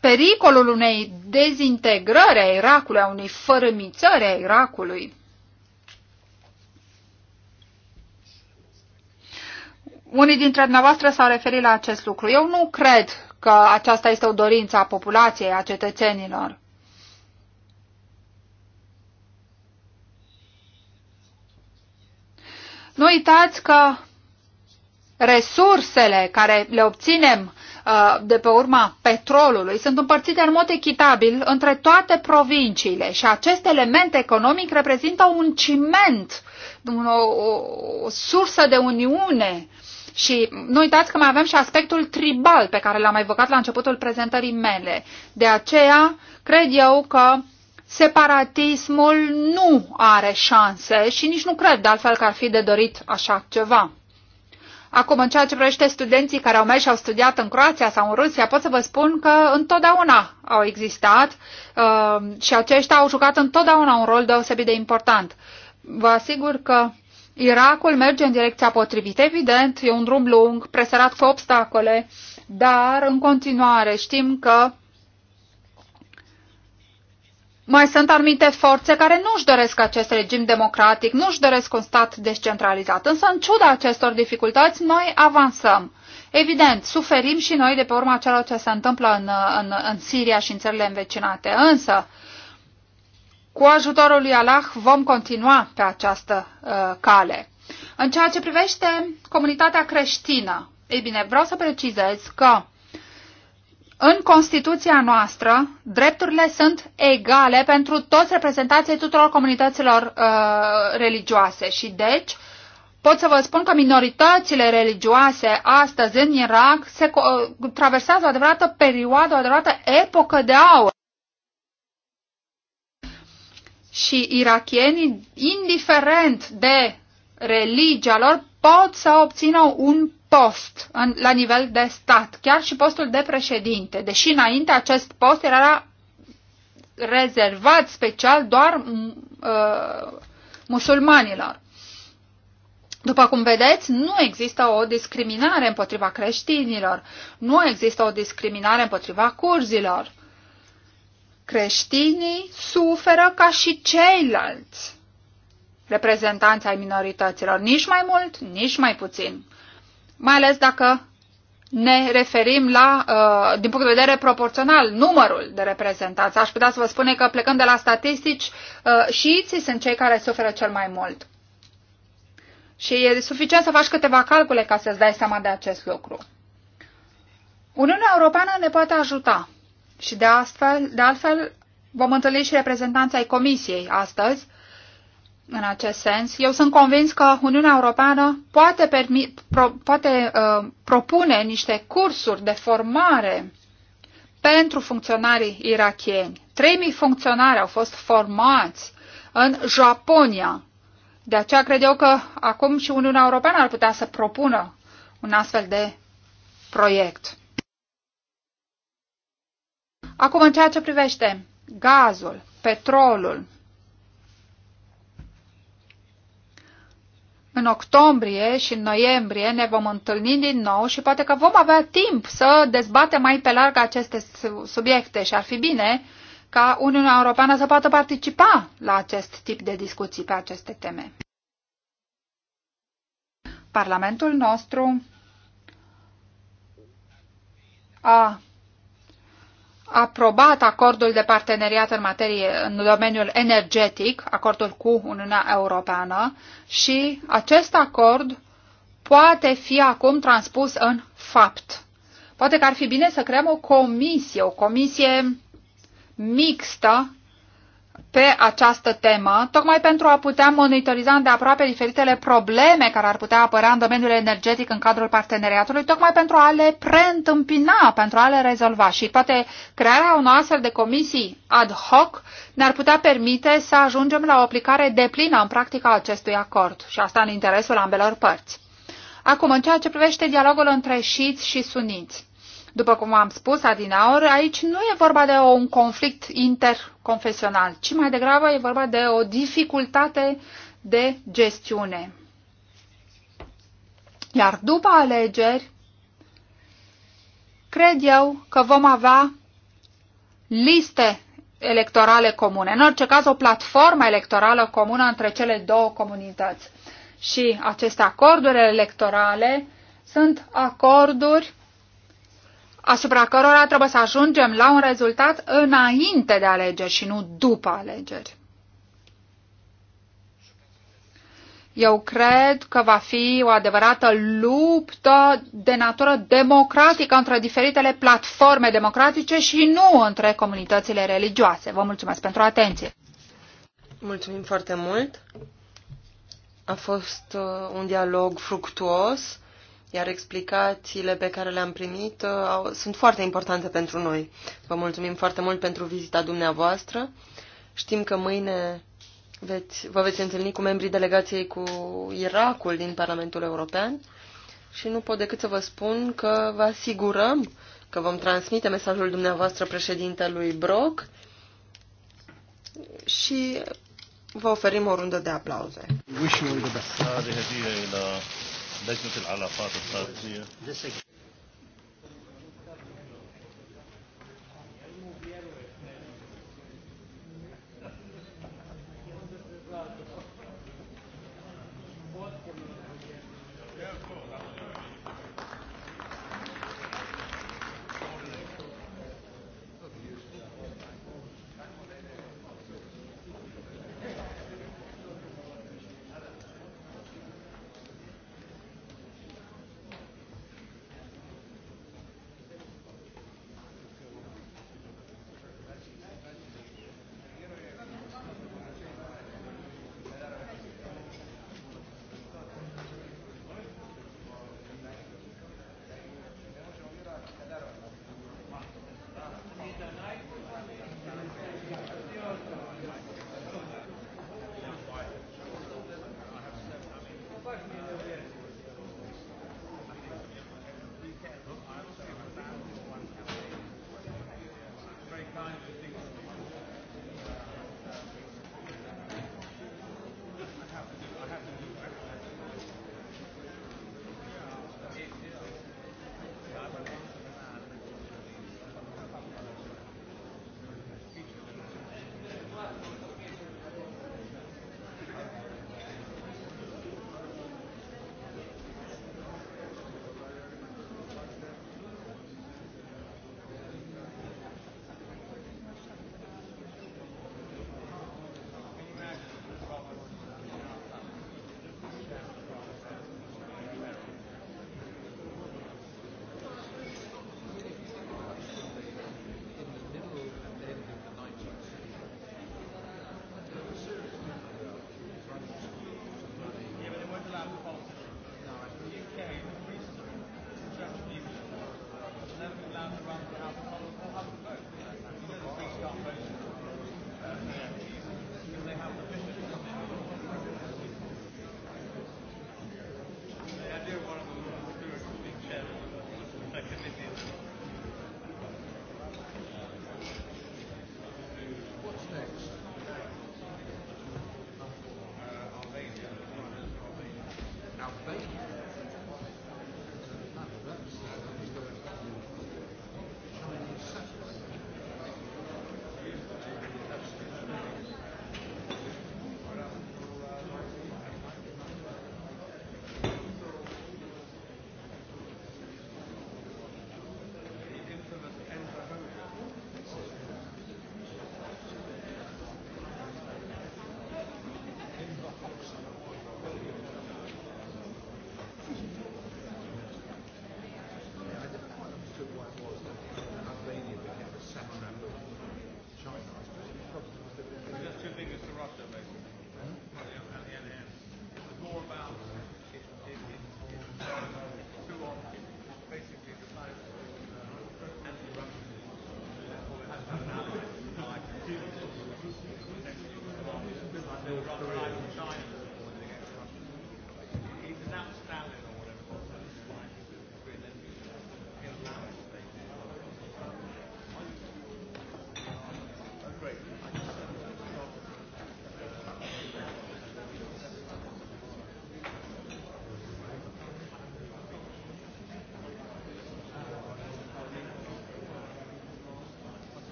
pericolul unei dezintegrări a Irakului, a unei fărâmițări a Irakului. Unii dintre dumneavoastră s-au referit la acest lucru. Eu nu cred că aceasta este o dorință a populației, a cetățenilor. Nu uitați că resursele care le obținem Uh, de pe urma petrolului sunt împărțite în mod echitabil între toate provinciile și acest element economic reprezintă un ciment, o, o sursă de uniune și nu uitați că mai avem și aspectul tribal pe care l-am evocat la începutul prezentării mele. De aceea, cred eu că separatismul nu are șanse și nici nu cred de altfel că ar fi de dorit așa ceva. Acum, în ceea ce privește studenții care au mers și au studiat în Croația sau în Rusia, pot să vă spun că întotdeauna au existat uh, și aceștia au jucat întotdeauna un rol deosebit de important. Vă asigur că Irakul merge în direcția potrivită. Evident, e un drum lung, presărat cu obstacole, dar în continuare știm că mai sunt anumite forțe care nu își doresc acest regim democratic, nu își doresc un stat descentralizat. Însă, în ciuda acestor dificultăți, noi avansăm. Evident, suferim și noi de pe urma celor ce se întâmplă în, în, în Siria și în țările învecinate. Însă, cu ajutorul lui Allah vom continua pe această uh, cale. În ceea ce privește comunitatea creștină, ei bine, vreau să precizez că în Constituția noastră, drepturile sunt egale pentru toți reprezentanții tuturor comunităților uh, religioase și deci pot să vă spun că minoritățile religioase astăzi în Irak se uh, traversează o adevărată perioadă, o adevărată epocă de aur. Și irachienii, indiferent de religia lor, pot să obțină un post în, la nivel de stat, chiar și postul de președinte, deși înainte acest post era rezervat special doar uh, musulmanilor. După cum vedeți, nu există o discriminare împotriva creștinilor, nu există o discriminare împotriva curzilor. Creștinii suferă ca și ceilalți reprezentanți ai minorităților, nici mai mult, nici mai puțin mai ales dacă ne referim la, uh, din punct de vedere proporțional, numărul de reprezentanți. Aș putea să vă spune că plecând de la statistici, uh, șiiții sunt cei care suferă cel mai mult. Și e suficient să faci câteva calcule ca să-ți dai seama de acest lucru. Uniunea Europeană ne poate ajuta și de, astfel, de altfel vom întâlni și reprezentanța ai Comisiei astăzi în acest sens. Eu sunt convins că Uniunea Europeană poate, permi, pro, poate uh, propune niște cursuri de formare pentru funcționarii irachieni. 3.000 funcționari au fost formați în Japonia. De aceea cred eu că acum și Uniunea Europeană ar putea să propună un astfel de proiect. Acum, în ceea ce privește gazul, petrolul, în octombrie și în noiembrie ne vom întâlni din nou și poate că vom avea timp să dezbatem mai pe larg aceste subiecte și ar fi bine ca Uniunea Europeană să poată participa la acest tip de discuții pe aceste teme. Parlamentul nostru a aprobat acordul de parteneriat în materie în domeniul energetic, acordul cu Uniunea Europeană și acest acord poate fi acum transpus în fapt. Poate că ar fi bine să creăm o comisie, o comisie mixtă pe această temă, tocmai pentru a putea monitoriza de aproape diferitele probleme care ar putea apărea în domeniul energetic în cadrul parteneriatului, tocmai pentru a le preîntâmpina, pentru a le rezolva. Și poate crearea unor astfel de comisii ad hoc ne-ar putea permite să ajungem la o aplicare deplină în practica acestui acord și asta în interesul ambelor părți. Acum, în ceea ce privește dialogul între șiți și suniți. După cum am spus Adinaur, aici nu e vorba de un conflict interconfesional, ci mai degrabă e vorba de o dificultate de gestiune. Iar după alegeri, cred eu că vom avea liste electorale comune, în orice caz o platformă electorală comună între cele două comunități. Și aceste acorduri electorale sunt acorduri asupra cărora trebuie să ajungem la un rezultat înainte de alegeri și nu după alegeri. Eu cred că va fi o adevărată luptă de natură democratică între diferitele platforme democratice și nu între comunitățile religioase. Vă mulțumesc pentru atenție. Mulțumim foarte mult. A fost uh, un dialog fructuos iar explicațiile pe care le-am primit uh, au, sunt foarte importante pentru noi. Vă mulțumim foarte mult pentru vizita dumneavoastră. Știm că mâine veți, vă veți întâlni cu membrii delegației cu Irakul din Parlamentul European și nu pot decât să vă spun că vă asigurăm că vom transmite mesajul dumneavoastră președintelui Brock și vă oferim o rundă de aplauze. Wish you all the best. لجنة العلاقات الخارجية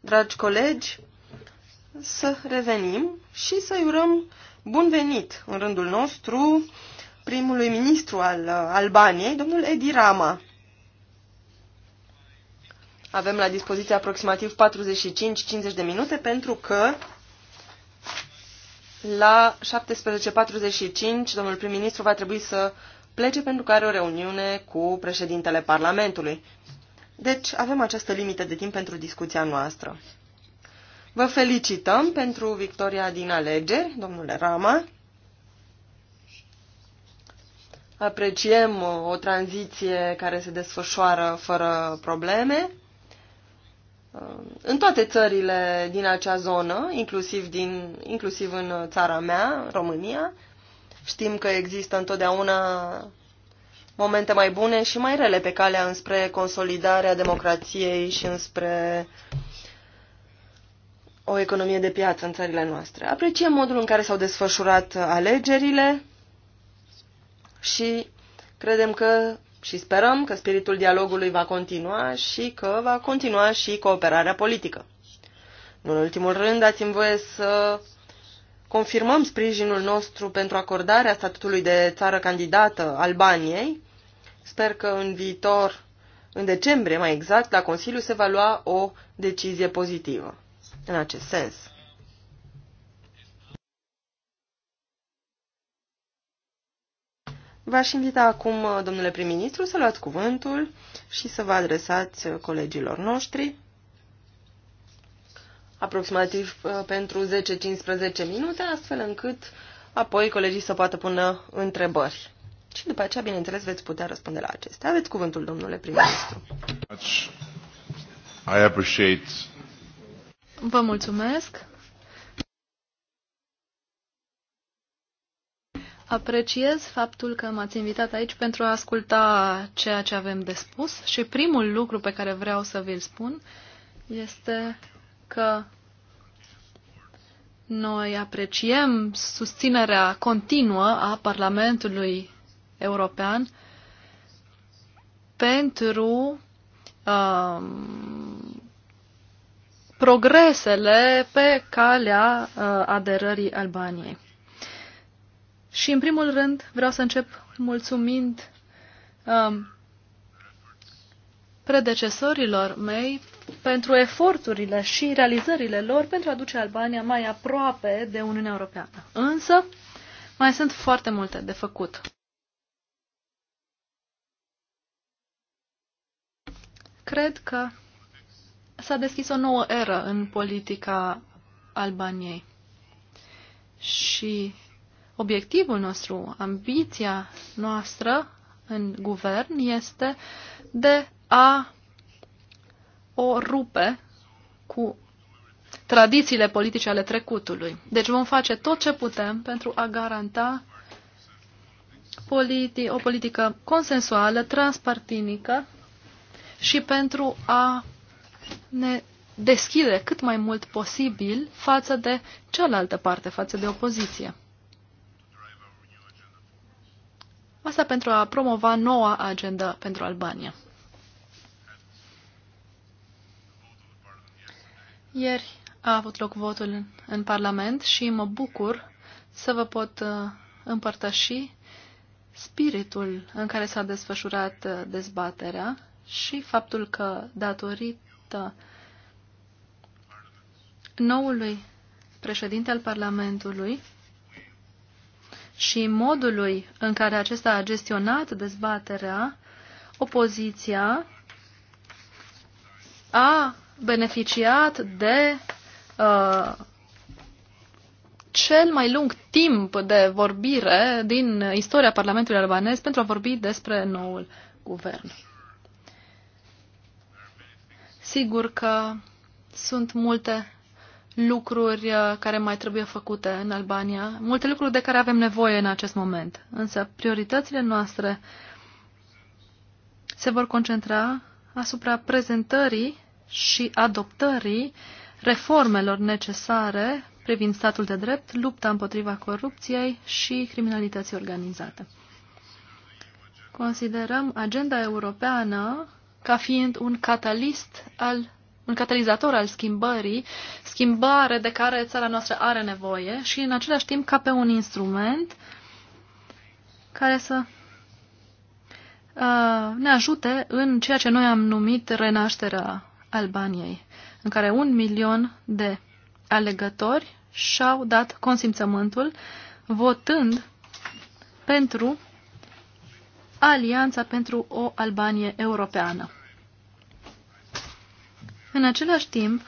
Dragi colegi, să revenim și să-i urăm bun venit în rândul nostru primului ministru al uh, Albaniei, domnul Edi Rama. Avem la dispoziție aproximativ 45-50 de minute pentru că la 17.45 domnul prim-ministru va trebui să plece pentru că are o reuniune cu președintele Parlamentului. Deci avem această limită de timp pentru discuția noastră. Vă felicităm pentru victoria din alegeri, domnule Rama. Apreciem uh, o tranziție care se desfășoară fără probleme uh, în toate țările din acea zonă, inclusiv, din, inclusiv în țara mea, România, Știm că există întotdeauna momente mai bune și mai rele pe calea înspre consolidarea democrației și înspre o economie de piață în țările noastre. Apreciem modul în care s-au desfășurat alegerile și credem că și sperăm că spiritul dialogului va continua și că va continua și cooperarea politică. În ultimul rând, dați-mi voie să confirmăm sprijinul nostru pentru acordarea statutului de țară candidată Albaniei. Sper că în viitor, în decembrie mai exact, la Consiliu se va lua o decizie pozitivă în acest sens. V-aș invita acum, domnule prim-ministru, să luați cuvântul și să vă adresați colegilor noștri aproximativ uh, pentru 10-15 minute, astfel încât apoi colegii să poată pune întrebări. Și după aceea, bineînțeles, veți putea răspunde la acestea. Aveți cuvântul, domnule prim-ministru. Vă mulțumesc. Apreciez faptul că m-ați invitat aici pentru a asculta ceea ce avem de spus și primul lucru pe care vreau să vi-l spun este că noi apreciem susținerea continuă a Parlamentului European pentru um, progresele pe calea uh, aderării Albaniei. Și, în primul rând, vreau să încep mulțumind um, predecesorilor mei pentru eforturile și realizările lor pentru a duce Albania mai aproape de Uniunea Europeană. Însă, mai sunt foarte multe de făcut. Cred că s-a deschis o nouă eră în politica Albaniei. Și obiectivul nostru, ambiția noastră în guvern este de a o rupe cu tradițiile politice ale trecutului. Deci vom face tot ce putem pentru a garanta politi o politică consensuală, transpartinică și pentru a ne deschide cât mai mult posibil față de cealaltă parte, față de opoziție. Asta pentru a promova noua agenda pentru Albania. Ieri a avut loc votul în, în Parlament și mă bucur să vă pot uh, împărtăși spiritul în care s-a desfășurat uh, dezbaterea și faptul că, datorită noului președinte al Parlamentului și modului în care acesta a gestionat dezbaterea, opoziția a beneficiat de uh, cel mai lung timp de vorbire din istoria Parlamentului albanez pentru a vorbi despre noul guvern. Sigur că sunt multe lucruri uh, care mai trebuie făcute în Albania, multe lucruri de care avem nevoie în acest moment. Însă prioritățile noastre se vor concentra asupra prezentării și adoptării reformelor necesare privind statul de drept, lupta împotriva corupției și criminalității organizate. Considerăm agenda europeană ca fiind un catalist al un catalizator al schimbării, schimbare de care țara noastră are nevoie și în același timp ca pe un instrument care să uh, ne ajute în ceea ce noi am numit renașterea Albaniei, în care un milion de alegători și-au dat consimțământul votând pentru Alianța pentru o Albanie Europeană. În același timp,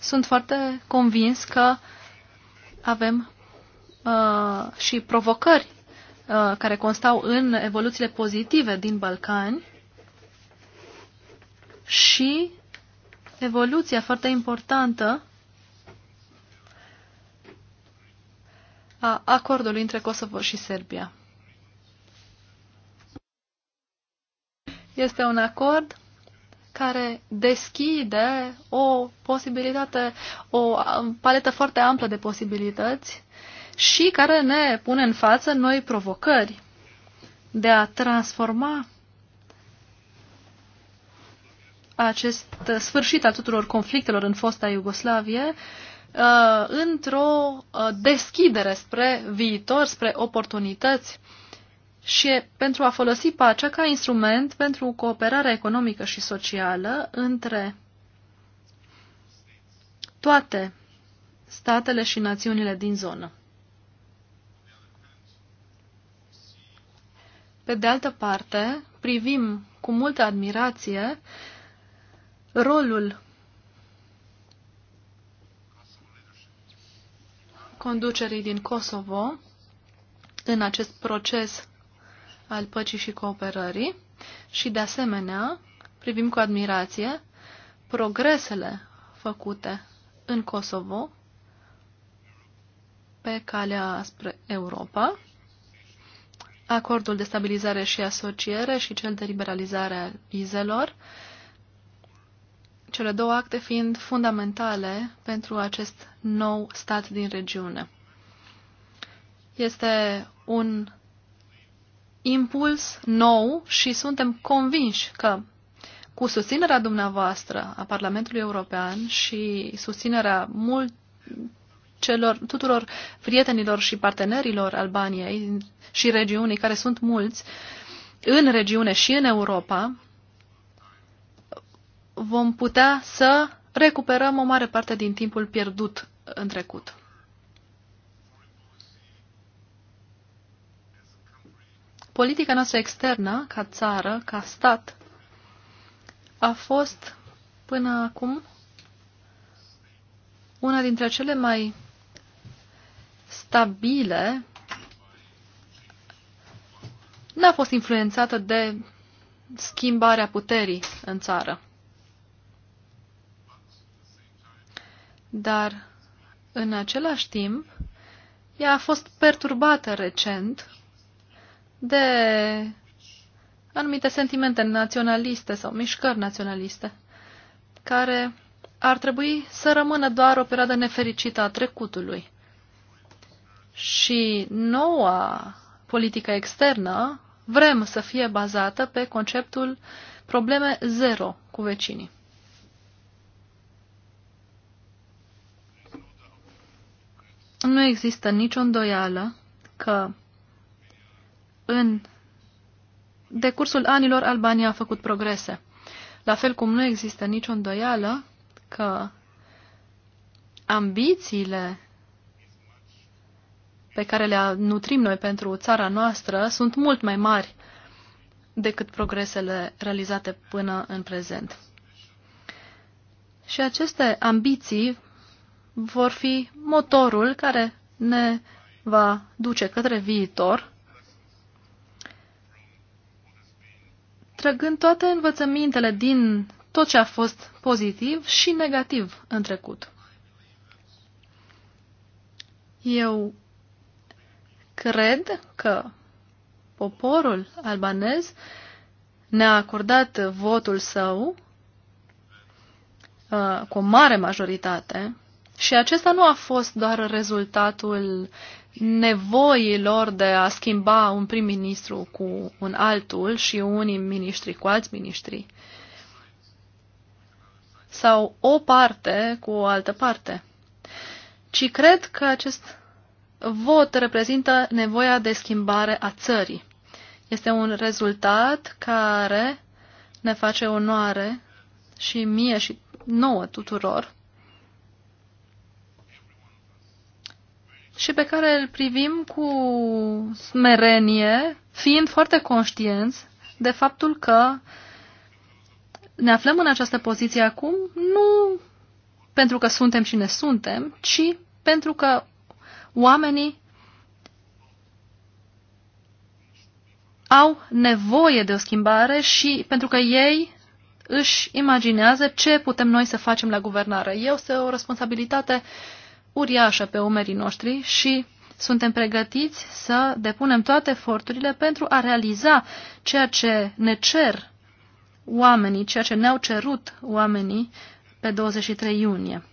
sunt foarte convins că avem uh, și provocări uh, care constau în evoluțiile pozitive din Balcani și evoluția foarte importantă a acordului între Kosovo și Serbia. Este un acord care deschide o posibilitate, o um, paletă foarte amplă de posibilități și care ne pune în față noi provocări de a transforma acest uh, sfârșit al tuturor conflictelor în fosta Iugoslavie uh, într-o uh, deschidere spre viitor, spre oportunități și pentru a folosi pacea ca instrument pentru cooperarea economică și socială între toate statele și națiunile din zonă. Pe de altă parte, privim cu multă admirație uh, rolul conducerii din Kosovo în acest proces al păcii și cooperării și, de asemenea, privim cu admirație progresele făcute în Kosovo pe calea spre Europa, acordul de stabilizare și asociere și cel de liberalizare a vizelor, cele două acte fiind fundamentale pentru acest nou stat din regiune. Este un impuls nou și suntem convinși că cu susținerea dumneavoastră a Parlamentului European și susținerea mult celor, tuturor prietenilor și partenerilor Albaniei și regiunii, care sunt mulți, în regiune și în Europa, vom putea să recuperăm o mare parte din timpul pierdut în trecut. Politica noastră externă, ca țară, ca stat, a fost până acum una dintre cele mai stabile. N-a fost influențată de schimbarea puterii în țară. dar în același timp ea a fost perturbată recent de anumite sentimente naționaliste sau mișcări naționaliste, care ar trebui să rămână doar o perioadă nefericită a trecutului. Și noua politică externă vrem să fie bazată pe conceptul probleme zero cu vecinii. nu există nicio îndoială că în decursul anilor Albania a făcut progrese. La fel cum nu există nicio îndoială că ambițiile pe care le nutrim noi pentru țara noastră sunt mult mai mari decât progresele realizate până în prezent. Și aceste ambiții vor fi motorul care ne va duce către viitor, trăgând toate învățămintele din tot ce a fost pozitiv și negativ în trecut. Eu cred că poporul albanez ne-a acordat votul său uh, cu o mare majoritate și acesta nu a fost doar rezultatul nevoilor de a schimba un prim-ministru cu un altul și unii miniștri cu alți miniștri. Sau o parte cu o altă parte. Ci cred că acest vot reprezintă nevoia de schimbare a țării. Este un rezultat care ne face onoare și mie și nouă tuturor și pe care îl privim cu smerenie, fiind foarte conștienți de faptul că ne aflăm în această poziție acum nu pentru că suntem cine suntem, ci pentru că oamenii au nevoie de o schimbare și pentru că ei își imaginează ce putem noi să facem la guvernare. Este o responsabilitate uh, uriașă pe umerii noștri și suntem pregătiți să depunem toate eforturile pentru a realiza ceea ce ne cer oamenii, ceea ce ne-au cerut oamenii pe 23 iunie.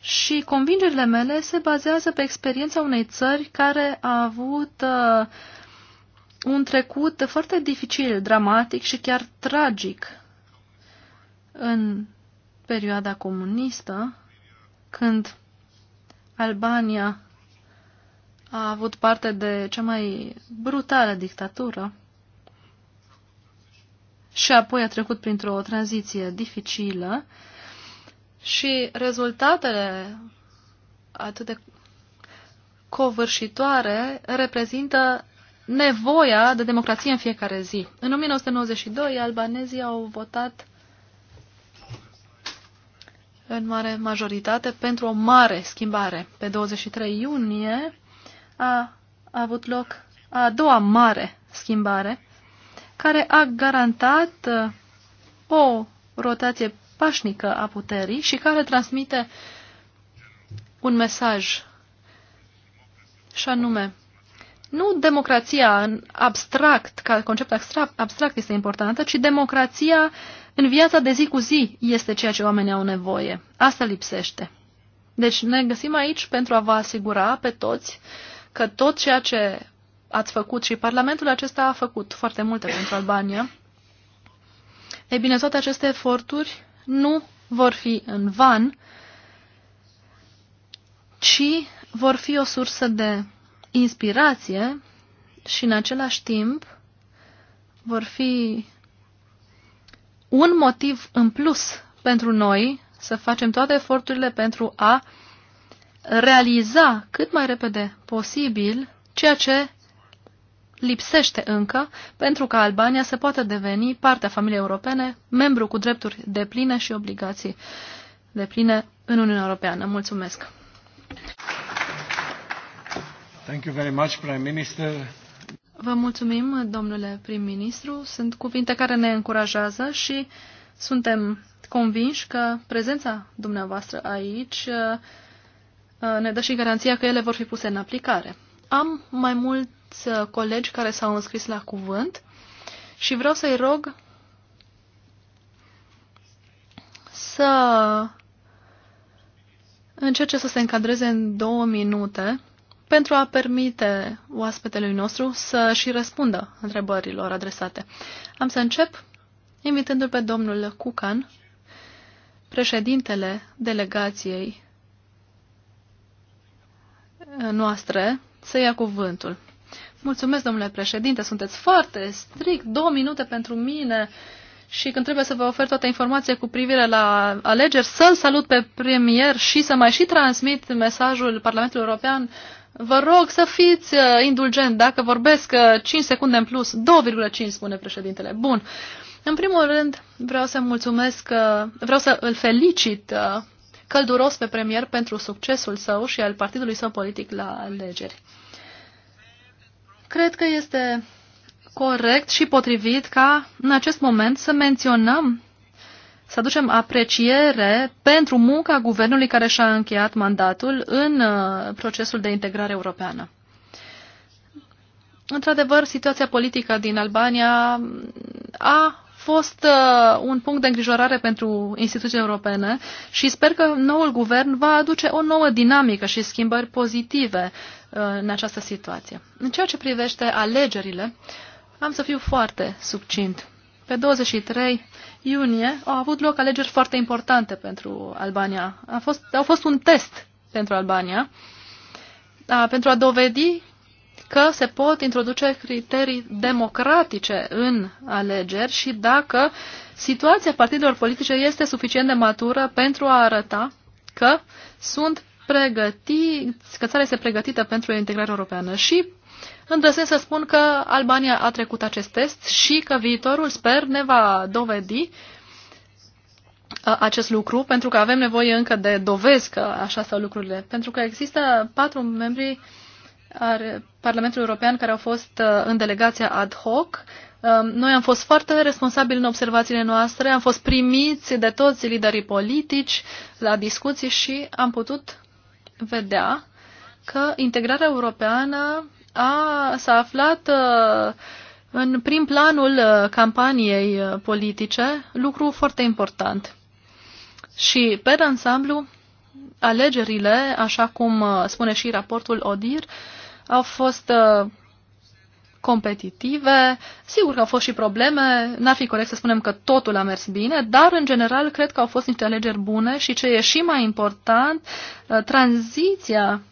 Și convingerile mele se bazează pe experiența unei țări care a avut uh, un trecut foarte dificil, dramatic și chiar tragic în perioada comunistă, când Albania a avut parte de cea mai brutală dictatură și apoi a trecut printr-o tranziție dificilă și rezultatele atât de covârșitoare reprezintă nevoia de democrație în fiecare zi. În 1992, albanezii au votat în mare majoritate pentru o mare schimbare. Pe 23 iunie a avut loc a doua mare schimbare care a garantat uh, o rotație pașnică a puterii și care transmite un mesaj și anume nu democrația în abstract, ca concept abstract, abstract este importantă, ci democrația uh, în viața de zi cu zi este ceea ce oamenii au nevoie. Asta lipsește. Deci ne găsim aici pentru a vă asigura pe toți că tot ceea ce ați făcut și Parlamentul acesta a făcut foarte multe pentru Albania. Ei bine, toate aceste eforturi nu vor fi în van, ci vor fi o sursă de inspirație și în același timp vor fi un motiv în plus pentru noi să facem toate eforturile pentru a realiza cât mai repede posibil ceea ce lipsește încă pentru ca Albania să poată deveni partea familiei europene, membru cu drepturi de pline și obligații de pline în Uniunea Europeană. Mulțumesc! Thank you very much, Prime Minister. Vă mulțumim, domnule prim-ministru. Sunt cuvinte care ne încurajează și suntem convinși că prezența dumneavoastră aici uh, uh, ne dă și garanția că ele vor fi puse în aplicare. Am mai mulți uh, colegi care s-au înscris la cuvânt și vreau să-i rog să încerce să se încadreze în două minute pentru a permite oaspetelui nostru să și răspundă întrebărilor adresate. Am să încep invitându-l pe domnul Cucan, președintele delegației noastre, să ia cuvântul. Mulțumesc, domnule președinte, sunteți foarte strict, două minute pentru mine și când trebuie să vă ofer toată informația cu privire la alegeri, să-l salut pe premier și să mai și transmit mesajul Parlamentului European Vă rog să fiți uh, indulgent dacă vorbesc 5 uh, secunde în plus, 2,5 spune președintele. Bun. În primul rând, vreau să mulțumesc, uh, vreau să îl felicit călduros pe premier pentru succesul său și al partidului său politic la alegeri. Cred că este corect și potrivit ca în acest moment să menționăm să aducem apreciere pentru munca guvernului care și-a încheiat mandatul în uh, procesul de integrare europeană. Într-adevăr, situația politică din Albania a fost uh, un punct de îngrijorare pentru instituțiile europene și sper că noul guvern va aduce o nouă dinamică și schimbări pozitive uh, în această situație. În ceea ce privește alegerile, am să fiu foarte subcint pe 23 iunie, au avut loc alegeri foarte importante pentru Albania. A fost, au fost un test pentru Albania a, pentru a dovedi că se pot introduce criterii democratice în alegeri și dacă situația partidelor politice este suficient de matură pentru a arăta că sunt pregătiți, că țara este pregătită pentru integrarea europeană. Și îndrăznesc să spun că Albania a trecut acest test și că viitorul, sper, ne va dovedi uh, acest lucru, pentru că avem nevoie încă de dovezi că așa stau lucrurile. Pentru că există patru membri al Parlamentului European care au fost uh, în delegația ad hoc. Um, noi am fost foarte responsabili în observațiile noastre, am fost primiți de toți liderii politici la discuții și am putut vedea că integrarea europeană a, s-a aflat uh, în prim planul uh, campaniei uh, politice, lucru foarte important. Și, pe ansamblu, alegerile, așa cum spune și raportul ODIR, au fost competitive. Sigur că au fost și probleme, n-ar fi corect să spunem că totul a mers bine, dar în general cred că au fost niște alegeri bune și ce e și mai important, tranziția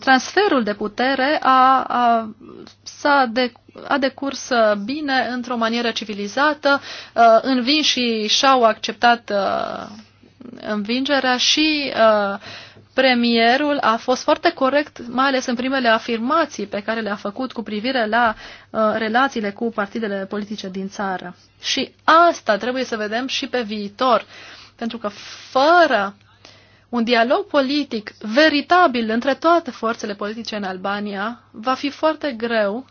transferul de putere a, a, s-a de, a decurs bine într-o manieră civilizată, uh, învinșii și-au acceptat uh, învingerea și uh, premierul a fost foarte corect, mai ales în primele afirmații pe care le-a făcut cu privire la relațiile cu partidele politice din țară. Și asta trebuie să vedem și pe viitor, pentru că fără un dialog politic veritabil între toate forțele politice în Albania, va fi foarte greu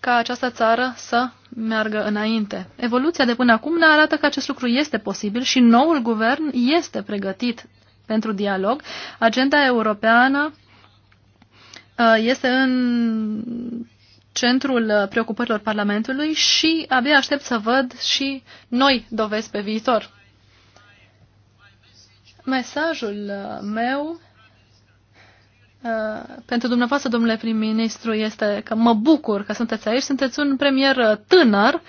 ca această țară să meargă înainte. Evoluția de până acum ne arată că acest lucru este posibil și noul guvern este pregătit pentru dialog. Agenda europeană uh, este în centrul uh, preocupărilor Parlamentului și abia aștept să văd și noi dovezi pe viitor. Mesajul uh, meu uh, pentru dumneavoastră, domnule prim-ministru, este că mă bucur că sunteți aici. Sunteți un premier uh, tânăr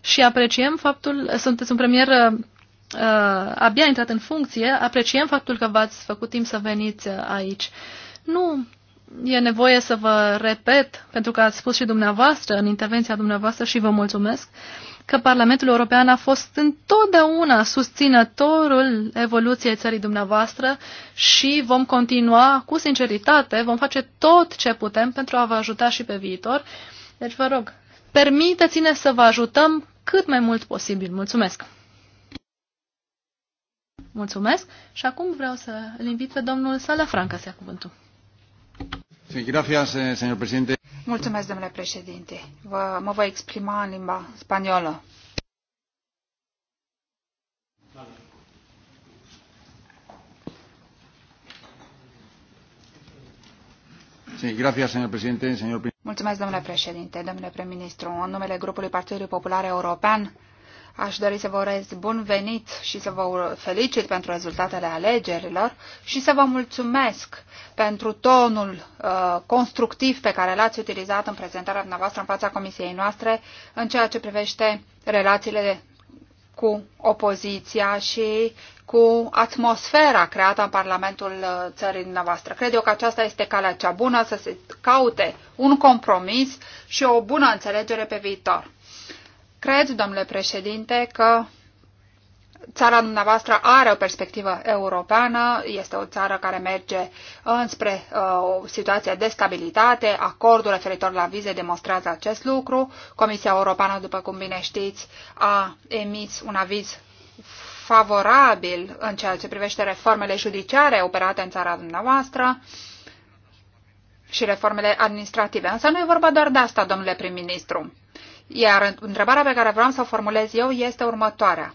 și apreciem faptul, sunteți un premier uh, abia intrat în funcție, apreciem faptul că v-ați făcut timp să veniți aici. Nu e nevoie să vă repet, pentru că ați spus și dumneavoastră în intervenția dumneavoastră și vă mulțumesc, uh, că Parlamentul European a fost întotdeauna susținătorul evoluției țării dumneavoastră și vom continua cu sinceritate, vom face tot ce putem pentru a vă ajuta și pe viitor. Deci vă rog, permiteți-ne să vă ajutăm cât mai mult posibil. Mulțumesc! Mulțumesc și acum vreau să l invit pe domnul Sala Franca să ia cuvântul. Sí, gracias, eh, señor presidente. Mulțumesc, domnule președinte. Vă, mă voi exprima în limba spaniolă. Mulțumesc, domnule președinte, domnule prim-ministru. În numele grupului Partidului Popular European, Aș dori să vă urez bun venit și să vă felicit pentru rezultatele alegerilor și să vă mulțumesc pentru tonul uh, constructiv pe care l-ați utilizat în prezentarea dumneavoastră în fața comisiei noastre în ceea ce privește relațiile cu opoziția și cu atmosfera creată în Parlamentul uh, țării dumneavoastră. Cred eu că aceasta este calea cea bună să se caute un compromis și o bună înțelegere pe viitor. Cred, domnule președinte, că țara dumneavoastră are o perspectivă europeană, este o țară care merge uh, înspre uh, o situație de stabilitate, acordul referitor la vize demonstrează acest lucru. Comisia Europeană, după cum bine știți, a emis un aviz favorabil în ceea ce privește reformele judiciare operate în țara dumneavoastră și reformele administrative. Însă nu e vorba doar de asta, domnule prim-ministru. Iar întrebarea pe care vreau să o formulez eu este următoarea.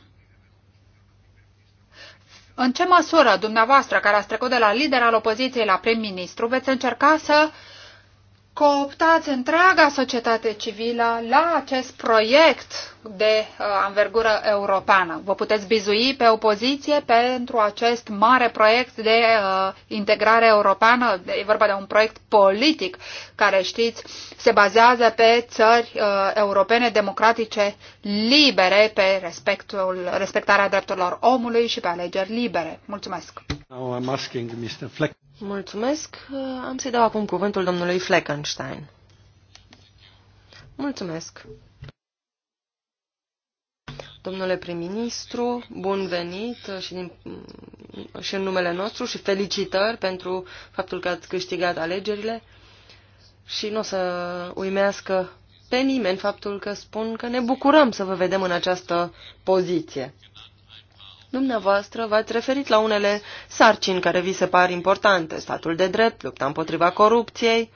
În ce măsură dumneavoastră, care ați trecut de la lider al opoziției la prim-ministru, veți încerca să cooptați întreaga societate civilă la acest proiect de uh, anvergură europeană? Vă puteți bizui pe opoziție pentru acest mare proiect de uh, integrare europeană? E vorba de un proiect politic care știți se bazează pe țări uh, europene democratice libere, pe respectul, respectarea drepturilor omului și pe alegeri libere. Mulțumesc! Now I'm asking Mr. Fleck. Mulțumesc! Uh, am să-i dau acum cuvântul domnului Fleckenstein. Mulțumesc! Domnule prim-ministru, bun venit uh, și, din, uh, și în numele nostru și felicitări pentru faptul că ați câștigat alegerile și nu o să uimească pe nimeni faptul că spun că ne bucurăm să vă vedem în această poziție. Dumneavoastră v-ați referit la unele sarcini care vi se par importante, statul de drept, lupta împotriva corupției.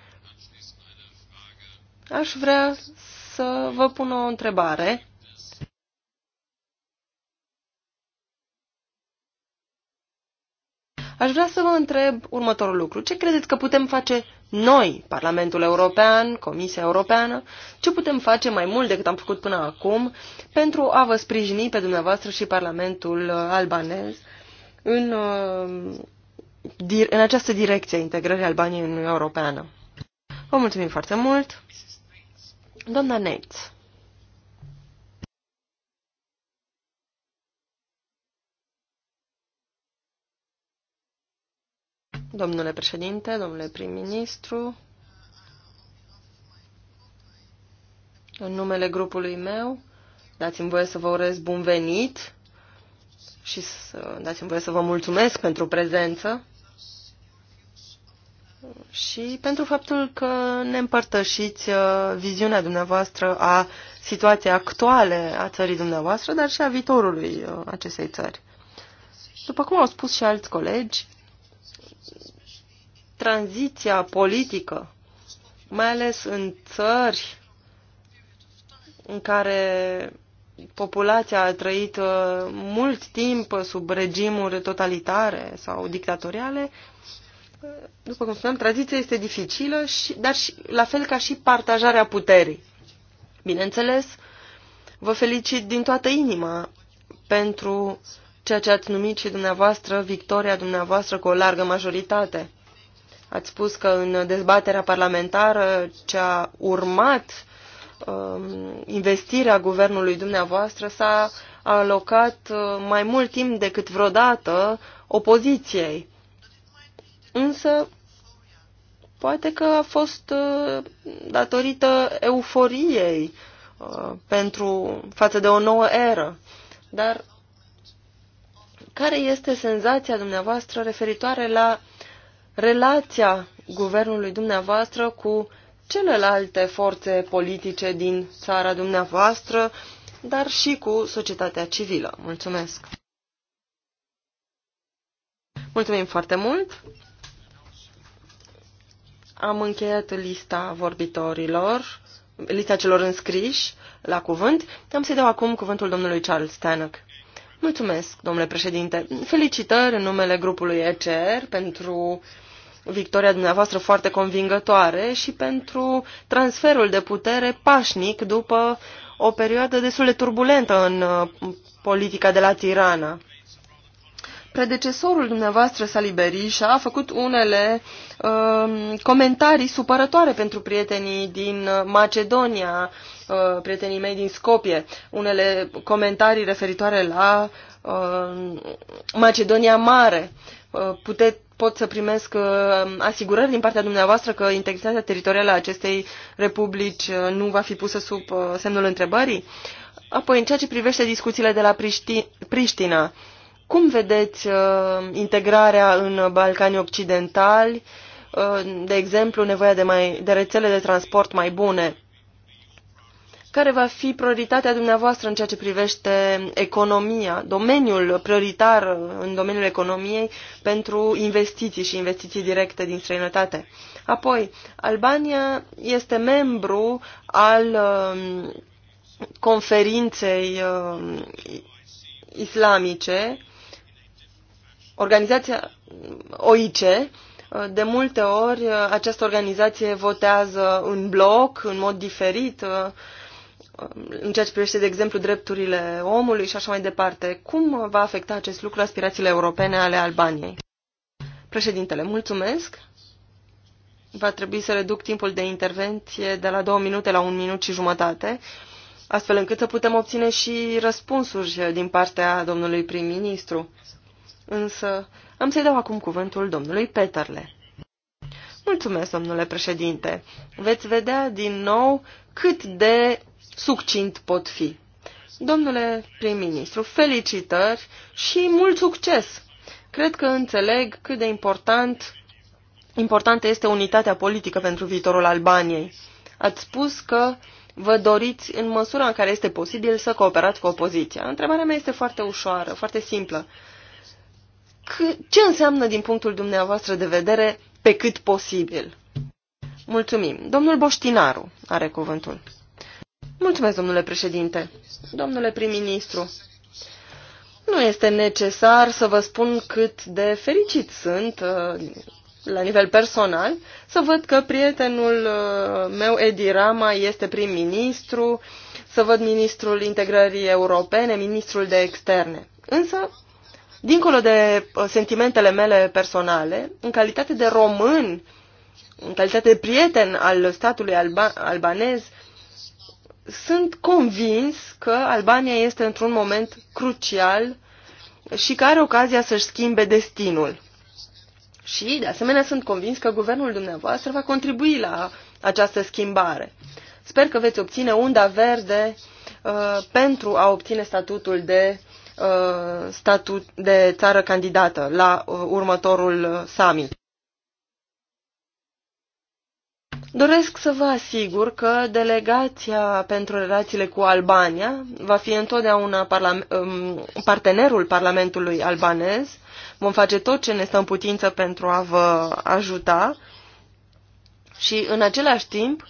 Aș vrea să vă pun o întrebare. Aș vrea să vă întreb următorul lucru. Ce credeți că putem face noi, Parlamentul European, Comisia Europeană, ce putem face mai mult decât am făcut până acum pentru a vă sprijini pe dumneavoastră și Parlamentul albanez în, uh, în această direcție a integrării Albaniei în Uniunea Europeană. Vă mulțumim foarte mult. Doamna Neitz. Domnule președinte, domnule prim-ministru, în numele grupului meu, dați-mi voie să vă urez bun venit și să, dați-mi voie să vă mulțumesc pentru prezență și pentru faptul că ne împărtășiți uh, viziunea dumneavoastră a situației actuale a țării dumneavoastră, dar și a viitorului uh, acestei țări. După cum au spus și alți colegi, tranziția politică, mai ales în țări în care populația a trăit uh, mult timp sub regimuri totalitare sau dictatoriale, uh, după cum spuneam, tranziția este dificilă, și, dar și, la fel ca și partajarea puterii. Bineînțeles, vă felicit din toată inima pentru ceea ce ați numit și dumneavoastră victoria dumneavoastră cu o largă majoritate. Ați spus că în dezbaterea parlamentară ce a urmat um, investirea guvernului dumneavoastră s-a alocat uh, mai mult timp decât vreodată opoziției. Însă, poate că a fost uh, datorită euforiei uh, pentru, față de o nouă eră. Dar care este senzația dumneavoastră referitoare la relația guvernului dumneavoastră cu celelalte forțe politice din țara dumneavoastră, dar și cu societatea civilă. Mulțumesc! Mulțumim foarte mult! Am încheiat lista vorbitorilor, lista celor înscriși la cuvânt. Am să-i dau acum cuvântul domnului Charles Stanek. Mulțumesc, domnule președinte. Felicitări în numele grupului ECR pentru uh, victoria dumneavoastră foarte convingătoare și pentru transferul de putere pașnic după o perioadă destul de turbulentă în uh, politica de la Tirana. Predecesorul dumneavoastră, Berisha, a făcut unele uh, comentarii supărătoare pentru prietenii din Macedonia, uh, prietenii mei din Scopie, unele comentarii referitoare la uh, Macedonia Mare. Uh, pute, pot să primesc uh, asigurări din partea dumneavoastră că integritatea teritorială a acestei republici uh, nu va fi pusă sub semnul întrebării? Apoi, în ceea ce privește discuțiile de la Priștina, cum vedeți integrarea în Balcanii Occidentali, de exemplu, nevoia de, mai, de rețele de transport mai bune? care va fi prioritatea dumneavoastră în ceea ce privește economia, domeniul prioritar în domeniul economiei pentru investiții și investiții directe din străinătate. Apoi, Albania este membru al um, conferinței um, islamice, organizația OIC, de multe ori uh, această organizație votează în bloc, în mod diferit, uh, în ceea ce privește, de exemplu, drepturile omului și așa mai departe. Cum va afecta acest lucru aspirațiile europene ale Albaniei? Președintele, mulțumesc. Va trebui să reduc timpul de intervenție de la două minute la un minut și jumătate, astfel încât să putem obține și răspunsuri din partea domnului prim-ministru. Însă am să-i dau acum cuvântul domnului Peterle. Mulțumesc, domnule președinte. Veți vedea din nou cât de succint pot fi. Domnule prim-ministru, felicitări și mult succes! Cred că înțeleg cât de important, importantă este unitatea politică pentru viitorul Albaniei. Ați spus că vă doriți, în măsura în care este posibil, să cooperați cu opoziția. Întrebarea mea este foarte ușoară, foarte simplă. Ce înseamnă, din punctul dumneavoastră de vedere, pe cât posibil? Mulțumim. Domnul Boștinaru are cuvântul. Mulțumesc, domnule președinte. Domnule prim-ministru, nu este necesar să vă spun cât de fericit sunt uh, la nivel personal să văd că prietenul uh, meu, Edi Rama, este prim-ministru, să văd ministrul integrării europene, ministrul de externe. Însă, dincolo de uh, sentimentele mele personale, în calitate de român, în calitate de prieten al statului alba- albanez, sunt convins că Albania este într-un moment crucial și că are ocazia să-și schimbe destinul. Și, de asemenea, sunt convins că guvernul dumneavoastră va contribui la această schimbare. Sper că veți obține unda verde uh, pentru a obține statutul de, uh, statut de țară candidată la uh, următorul uh, summit. Doresc să vă asigur că delegația pentru relațiile cu Albania va fi întotdeauna um, partenerul Parlamentului albanez. Vom face tot ce ne stă în putință pentru a vă ajuta și, în același timp,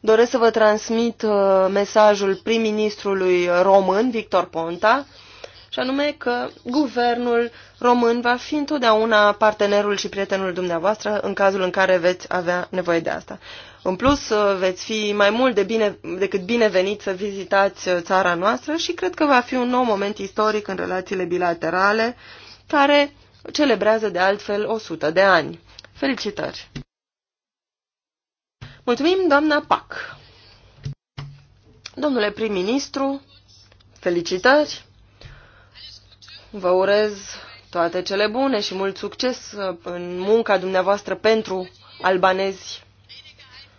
doresc să vă transmit uh, mesajul prim-ministrului român, Victor Ponta, și anume că guvernul român va fi întotdeauna partenerul și prietenul dumneavoastră în cazul în care veți avea nevoie de asta. În plus, uh, veți fi mai mult de bine, decât binevenit să vizitați uh, țara noastră și cred că va fi un nou moment istoric în relațiile bilaterale, care celebrează de altfel 100 de ani. Felicitări! Mulțumim, doamna Pac! Domnule prim-ministru, felicitări! Vă urez toate cele bune și mult succes în munca dumneavoastră pentru albanezi.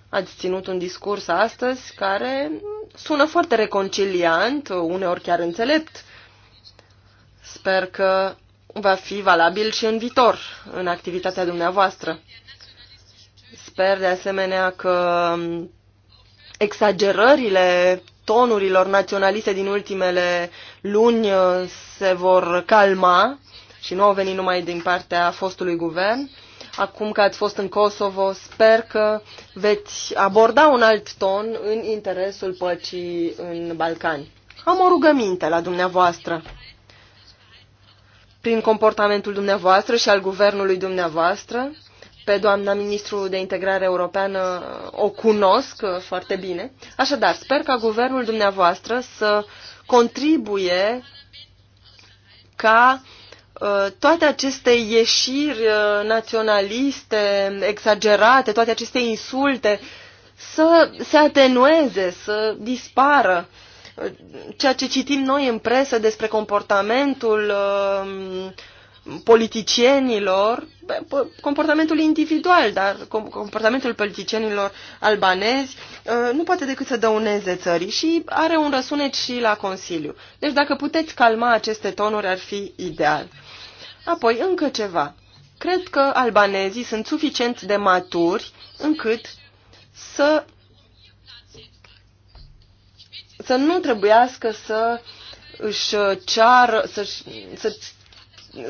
Ați ținut un discurs astăzi care sună foarte reconciliant, uneori chiar înțelept. Sper că va fi valabil și în viitor, în activitatea dumneavoastră. Sper de asemenea că exagerările tonurilor naționaliste din ultimele luni uh, se vor calma și nu au venit numai din partea fostului guvern. Acum că ați fost în Kosovo, sper că veți aborda un alt ton în interesul păcii în Balcani. Am o rugăminte la dumneavoastră. Prin comportamentul dumneavoastră și al guvernului dumneavoastră, pe doamna ministru de integrare europeană o cunosc foarte bine. Așadar, sper ca guvernul dumneavoastră să contribuie ca uh, toate aceste ieșiri uh, naționaliste exagerate, toate aceste insulte să se atenueze, să dispară. Uh, ceea ce citim noi în presă despre comportamentul uh, politicienilor, comportamentul individual, dar comportamentul politicienilor albanezi uh, nu poate decât să dăuneze țării și are un răsunet și la Consiliu. Deci dacă puteți calma aceste tonuri ar fi ideal. Apoi, încă ceva. Cred că albanezii sunt suficient de maturi încât să, să nu trebuiască să își ceară, să, să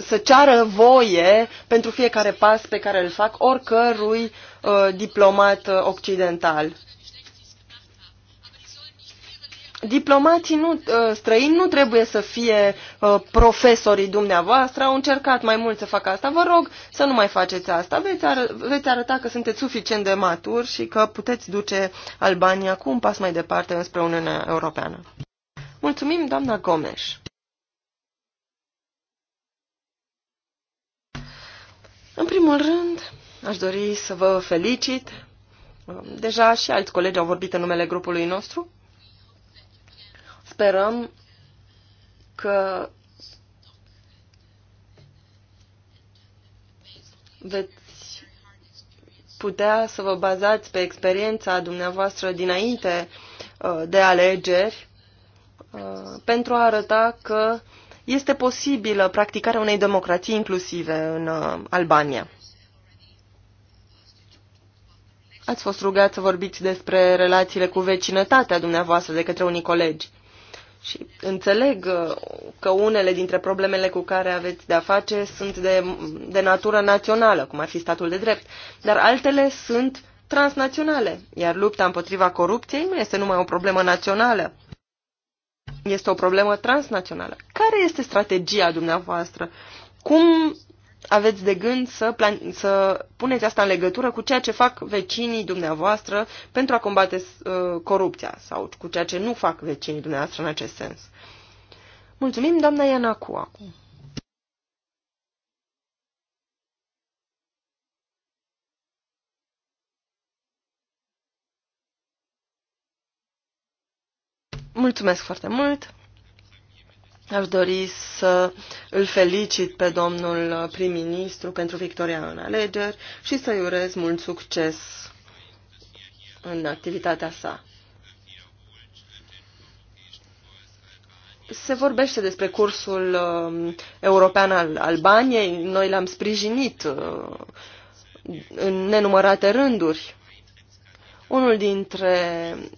să ceară voie pentru fiecare pas pe care îl fac oricărui uh, diplomat uh, occidental. Diplomații nu, uh, străini nu trebuie să fie uh, profesorii dumneavoastră, au încercat mai mult să facă asta. Vă rog să nu mai faceți asta. Veți, ar, veți arăta că sunteți suficient de maturi și că puteți duce Albania cu un pas mai departe înspre Uniunea Europeană. Mulțumim, doamna Gomes. În primul rând, aș dori să vă felicit. Deja și alți colegi au vorbit în numele grupului nostru. Sperăm că veți putea să vă bazați pe experiența dumneavoastră dinainte uh, de alegeri uh, pentru a arăta că este posibilă practicarea unei democrații inclusive în uh, Albania. Ați fost rugat să vorbiți despre relațiile cu vecinătatea dumneavoastră de către unii colegi. Și înțeleg uh, că unele dintre problemele cu care aveți de-a face sunt de, de natură națională, cum ar fi statul de drept, dar altele sunt transnaționale, iar lupta împotriva corupției nu este numai o problemă națională, este o problemă transnațională. Care este strategia dumneavoastră? Cum aveți de gând să, plan- să puneți asta în legătură cu ceea ce fac vecinii dumneavoastră pentru a combate uh, corupția sau cu ceea ce nu fac vecinii dumneavoastră în acest sens? Mulțumim, doamna Ianacu, acum. Mulțumesc foarte mult! Aș dori să îl felicit pe domnul prim-ministru pentru victoria în alegeri și să-i urez mult succes în activitatea sa. Se vorbește despre cursul uh, european al Albaniei. Noi l-am sprijinit uh, în nenumărate rânduri. Unul dintre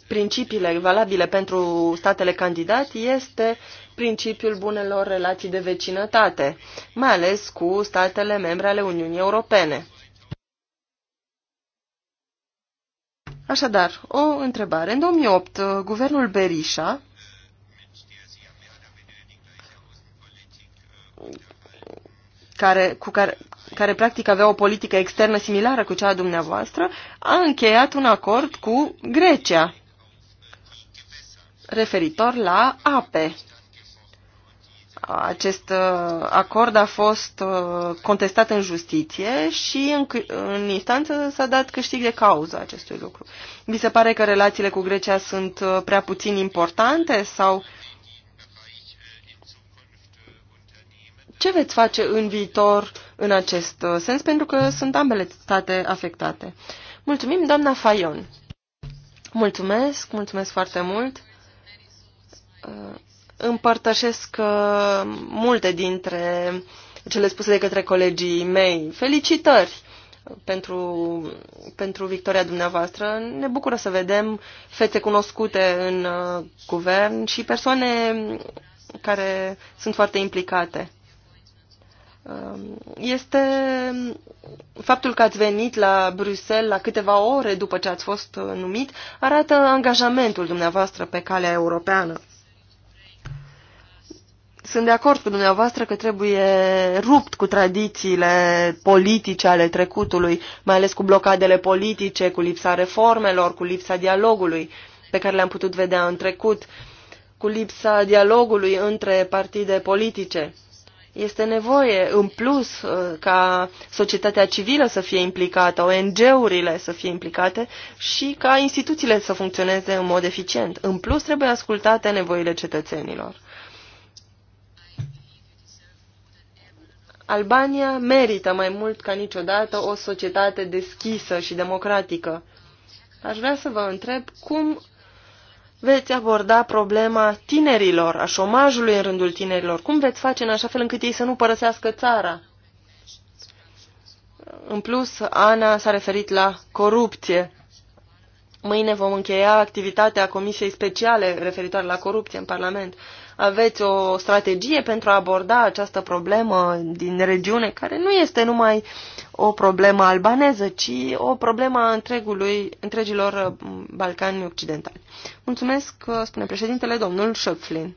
principiile valabile pentru statele candidat este principiul bunelor relații de vecinătate, mai ales cu statele membre ale Uniunii Europene. Așadar, o întrebare. În 2008, guvernul Berisha care, cu care, care practic avea o politică externă similară cu cea a dumneavoastră, a încheiat un acord cu Grecia referitor la ape. Acest uh, acord a fost uh, contestat în justiție și în, în instanță s-a dat câștig de cauză acestui lucru. Vi se pare că relațiile cu Grecia sunt uh, prea puțin importante sau ce veți face în viitor în acest uh, sens, pentru că sunt ambele state afectate. Mulțumim, doamna Fayon. Mulțumesc, mulțumesc foarte mult. Uh, împărtășesc uh, multe dintre cele spuse de către colegii mei. Felicitări pentru, pentru victoria dumneavoastră. Ne bucură să vedem fețe cunoscute în guvern și persoane care sunt foarte implicate. Um, este faptul că ați venit la Bruxelles la câteva ore după ce ați fost uh, numit, arată angajamentul dumneavoastră pe calea europeană. Sunt de acord cu dumneavoastră că trebuie rupt cu tradițiile politice ale trecutului, mai ales cu blocadele politice, cu lipsa reformelor, cu lipsa dialogului pe care le-am putut vedea în trecut, cu lipsa dialogului între partide politice este nevoie, în plus, uh, ca societatea civilă să fie implicată, ONG-urile să fie implicate și ca instituțiile să funcționeze în mod eficient. În plus, trebuie ascultate nevoile cetățenilor. Albania merită mai mult ca niciodată o societate deschisă și democratică. Aș vrea să vă întreb cum veți aborda problema tinerilor, a șomajului în rândul tinerilor? Cum veți face în așa fel încât ei să nu părăsească țara? În plus, Ana s-a referit la corupție. Mâine vom încheia activitatea Comisiei Speciale referitoare la corupție în Parlament. Aveți o strategie pentru a aborda această problemă din regiune, care nu este numai o problemă albaneză, ci o problemă a întregului, întregilor uh, Balcani occidentali. Mulțumesc, uh, spune președintele, domnul Schöpflin.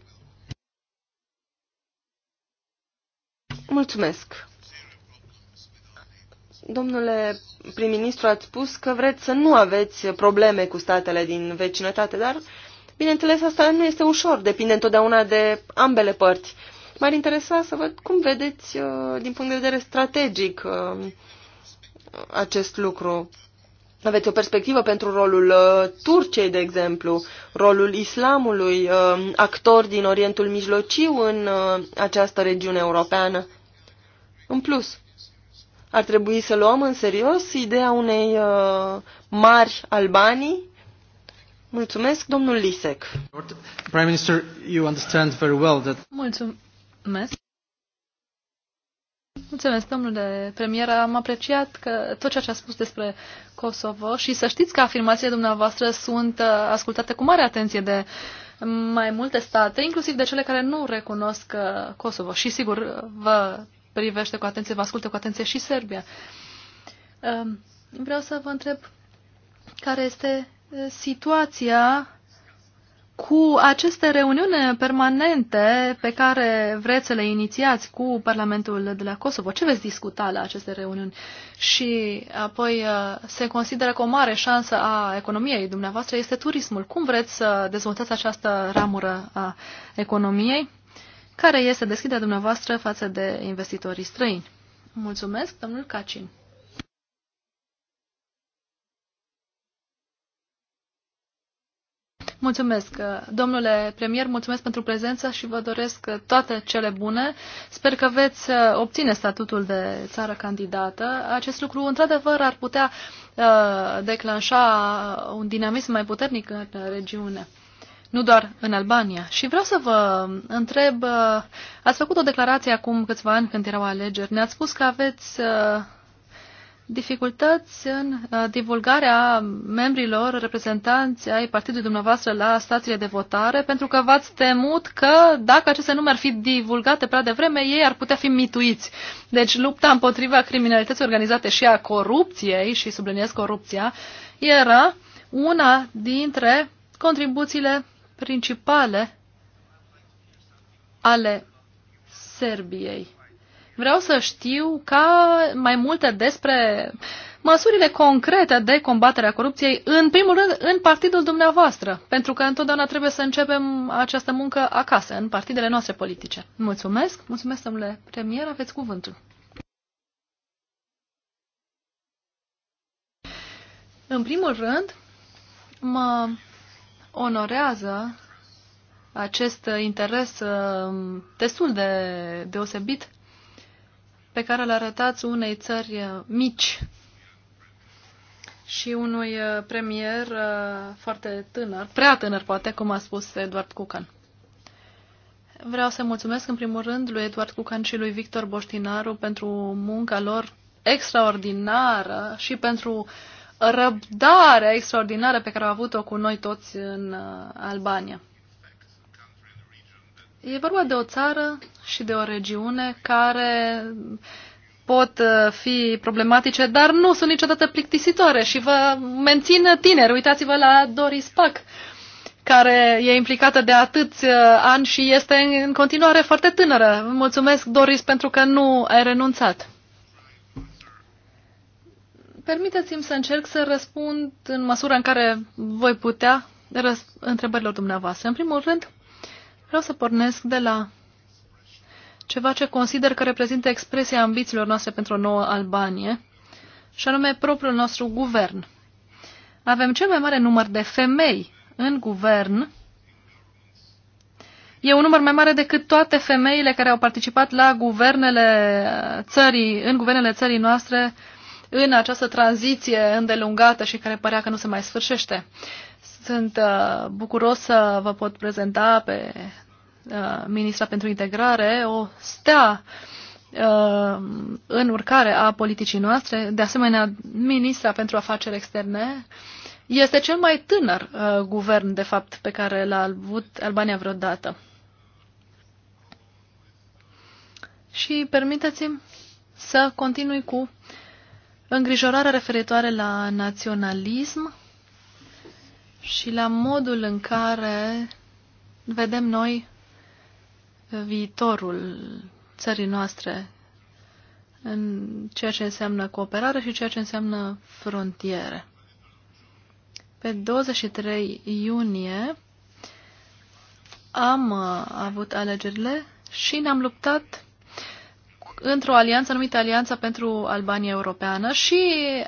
Mulțumesc. Domnule prim-ministru, ați spus că vreți să nu aveți probleme cu statele din vecinătate, dar, bineînțeles, asta nu este ușor. Depinde întotdeauna de ambele părți. M-ar interesa să văd cum vedeți uh, din punct de vedere strategic uh, acest lucru. Aveți o perspectivă pentru rolul uh, Turciei, de exemplu, rolul islamului, actor din Orientul Mijlociu în această regiune europeană. În plus, ar trebui să luăm în serios ideea unei mari Albanii. Mulțumesc, domnul Lisek. Prime Minister, you understand very well that... Mulțumesc. Mulțumesc, domnule premier. Am apreciat că tot ceea ce a spus despre Kosovo și să știți că afirmațiile dumneavoastră sunt uh, ascultate cu mare atenție de mai multe state, inclusiv de cele care nu recunosc uh, Kosovo. Și sigur, uh, vă privește cu atenție, vă ascultă cu atenție și Serbia. Um, vreau să vă întreb care este situația cu aceste reuniuni permanente pe care vreți să le inițiați cu Parlamentul de la Kosovo, ce veți discuta la aceste reuniuni? Și apoi uh, se consideră că o mare șansă a economiei dumneavoastră este turismul. Cum vreți să dezvoltați această ramură a economiei? Care este deschiderea dumneavoastră față de investitorii străini? Mulțumesc, domnul Cacin. Mulțumesc, domnule premier, mulțumesc pentru prezența și vă doresc toate cele bune. Sper că veți uh, obține statutul de țară candidată. Acest lucru, într-adevăr, ar putea uh, declanșa un dinamism mai puternic în regiune nu doar în Albania. Și vreau să vă uh, întreb, ați făcut o declarație acum câțiva ani când erau alegeri, ne-ați spus că aveți dificultăți în uh, divulgarea membrilor reprezentanți ai partidului dumneavoastră la stațiile de votare, pentru că v-ați temut că dacă aceste nume ar fi divulgate prea devreme, ei ar putea fi mituiți. Deci lupta împotriva criminalității organizate și a corupției, și subliniez corupția, era una dintre contribuțiile principale ale Serbiei. Vreau să știu ca mai multe despre măsurile concrete de combatere a corupției, în primul rând în partidul dumneavoastră, pentru că întotdeauna trebuie să începem această muncă acasă, în partidele noastre politice. Mulțumesc, mulțumesc, domnule premier, aveți cuvântul. În primul rând, mă onorează acest interes uh, destul de deosebit pe care îl arătați unei țări uh, mici și unui uh, premier uh, foarte tânăr, prea tânăr poate, cum a spus Eduard Cucan. Vreau să mulțumesc în primul rând lui Eduard Cucan și lui Victor Boștinaru pentru munca lor extraordinară și pentru răbdarea extraordinară pe care au avut-o cu noi toți în Albania. E vorba de o țară și de o regiune care pot uh, fi problematice, dar nu sunt niciodată plictisitoare și vă mențin tineri. Uitați-vă la Doris Pac, care e implicată de atâți uh, ani și este în continuare foarte tânără. Mulțumesc, Doris, pentru că nu ai renunțat. Permiteți-mi să încerc să răspund în măsura în care voi putea întrebărilor dumneavoastră. În primul rând, Vreau să pornesc de la ceva ce consider că reprezintă expresia ambițiilor noastre pentru o nouă Albanie, și anume propriul nostru guvern. Avem cel mai mare număr de femei în guvern. E un număr mai mare decât toate femeile care au participat la guvernele țării, în guvernele țării noastre în această tranziție îndelungată și care părea că nu se mai sfârșește. Sunt uh, bucuros să vă pot prezenta pe Uh, ministra pentru integrare, o stea uh, în urcare a politicii noastre, de asemenea ministra pentru afaceri externe, este cel mai tânăr uh, guvern, de fapt, pe care l-a avut Albania vreodată. Și permiteți-mi să continui cu îngrijorarea referitoare la naționalism și la modul în care vedem noi viitorul țării noastre în ceea ce înseamnă cooperare și ceea ce înseamnă frontiere. Pe 23 iunie am uh, avut alegerile și ne-am luptat într-o alianță numită Alianța pentru Albania Europeană și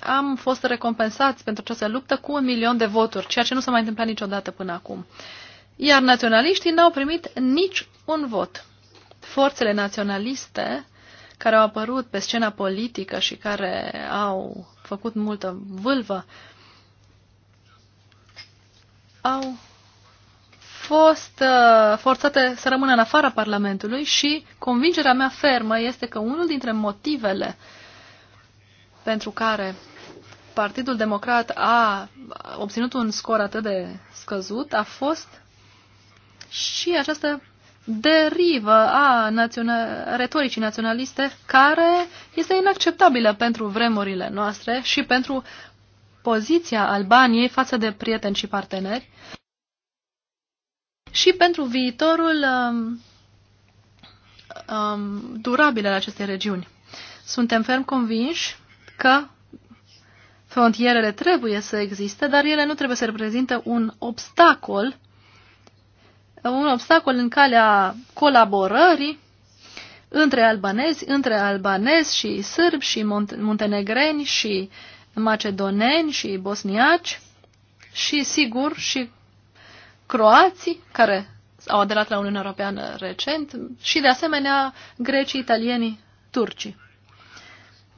am fost recompensați pentru această luptă cu un milion de voturi, ceea ce nu s-a mai întâmplat niciodată până acum. Uh, iar naționaliștii n-au primit nici un vot. Forțele naționaliste care au apărut pe scena politică și care au făcut multă vâlvă au fost uh, forțate să rămână în afara Parlamentului și convingerea mea fermă este că unul dintre motivele pentru care Partidul Democrat a obținut un scor atât de scăzut a fost și această derivă a naționa- retoricii naționaliste care este inacceptabilă pentru vremurile noastre și pentru poziția Albaniei față de prieteni și parteneri și pentru viitorul um, um, durabil al acestei regiuni. Suntem ferm convinși că frontierele trebuie să existe, dar ele nu trebuie să reprezintă un obstacol un obstacol în calea colaborării între albanezi, între albanezi și sârbi și muntenegreni și macedoneni și bosniaci și, sigur, și croații care au aderat la Uniunea Europeană recent și, de asemenea, grecii, italienii, turcii.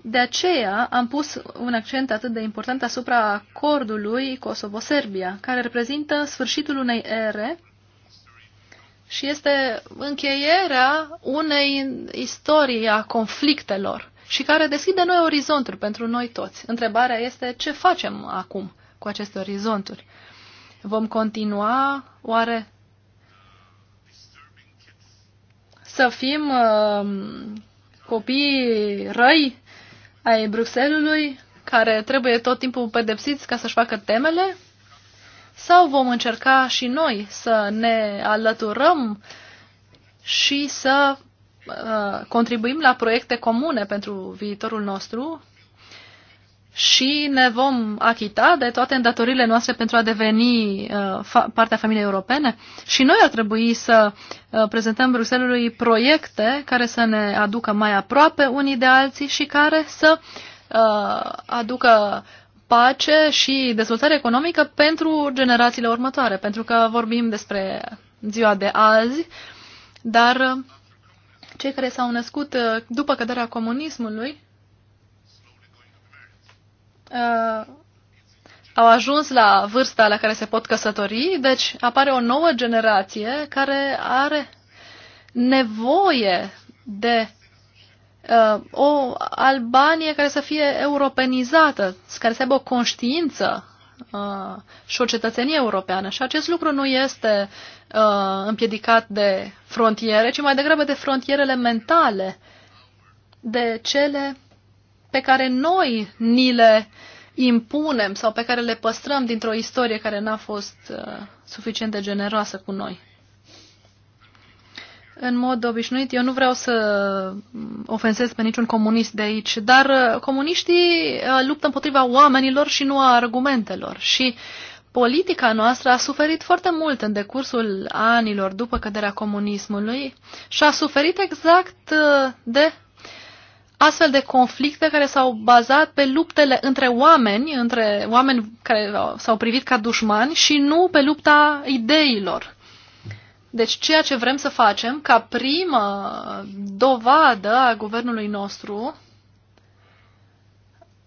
De aceea am pus un accent atât de important asupra acordului Kosovo-Serbia, care reprezintă sfârșitul unei ere și este încheierea unei istorii a conflictelor și care deschide noi orizonturi pentru noi toți. Întrebarea este ce facem acum cu aceste orizonturi. Vom continua oare să fim uh, copii răi ai Bruxellesului care trebuie tot timpul pedepsiți ca să-și facă temele? sau vom încerca și noi să ne alăturăm și să uh, contribuim la proiecte comune pentru viitorul nostru și ne vom achita de toate îndatoririle noastre pentru a deveni uh, fa partea familiei europene și noi ar trebui să uh, prezentăm Bruxellesului proiecte care să ne aducă mai aproape unii de alții și care să uh, aducă pace și dezvoltare economică pentru generațiile următoare, pentru că vorbim despre ziua de azi, dar uh, cei care s-au născut uh, după căderea comunismului uh, au ajuns la vârsta la care se pot căsători, deci apare o nouă generație care are nevoie de Uh, o Albanie care să fie europenizată, care să aibă o conștiință uh, și o cetățenie europeană. Și acest lucru nu este uh, împiedicat de frontiere, ci mai degrabă de frontierele mentale, de cele pe care noi ni le impunem sau pe care le păstrăm dintr-o istorie care n-a fost suficient de generoasă cu noi în mod obișnuit, eu nu vreau să ofensez pe niciun comunist de aici, dar uh, comuniștii uh, luptă împotriva oamenilor și nu a argumentelor. Și politica noastră a suferit foarte mult în decursul anilor după căderea comunismului și a suferit exact uh, de astfel de conflicte care s-au bazat pe luptele între oameni, între oameni care s-au privit ca dușmani și nu pe lupta ideilor. Deci ceea ce vrem să facem ca primă dovadă a guvernului nostru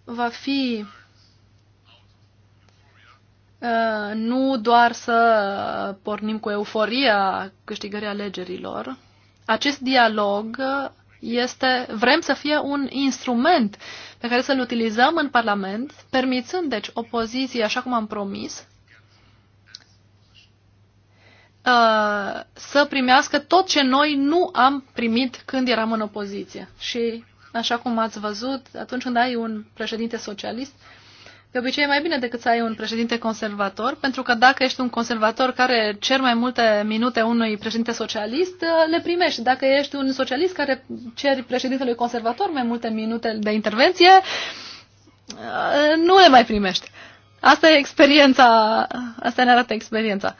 va fi uh, nu doar să pornim cu euforia câștigării alegerilor. Acest dialog este, vrem să fie un instrument pe care să-l utilizăm în Parlament, permițând, deci, opoziției, așa cum am promis, Uh, să primească tot ce noi nu am primit când eram în opoziție. Și așa cum ați văzut, atunci când ai un președinte socialist, de obicei e mai bine decât să ai un președinte conservator, pentru că dacă ești un conservator care cer mai multe minute unui președinte socialist, uh, le primești. Dacă ești un socialist care cer președintelui conservator mai multe minute de intervenție, uh, nu le mai primești. Asta e experiența, asta ne arată experiența.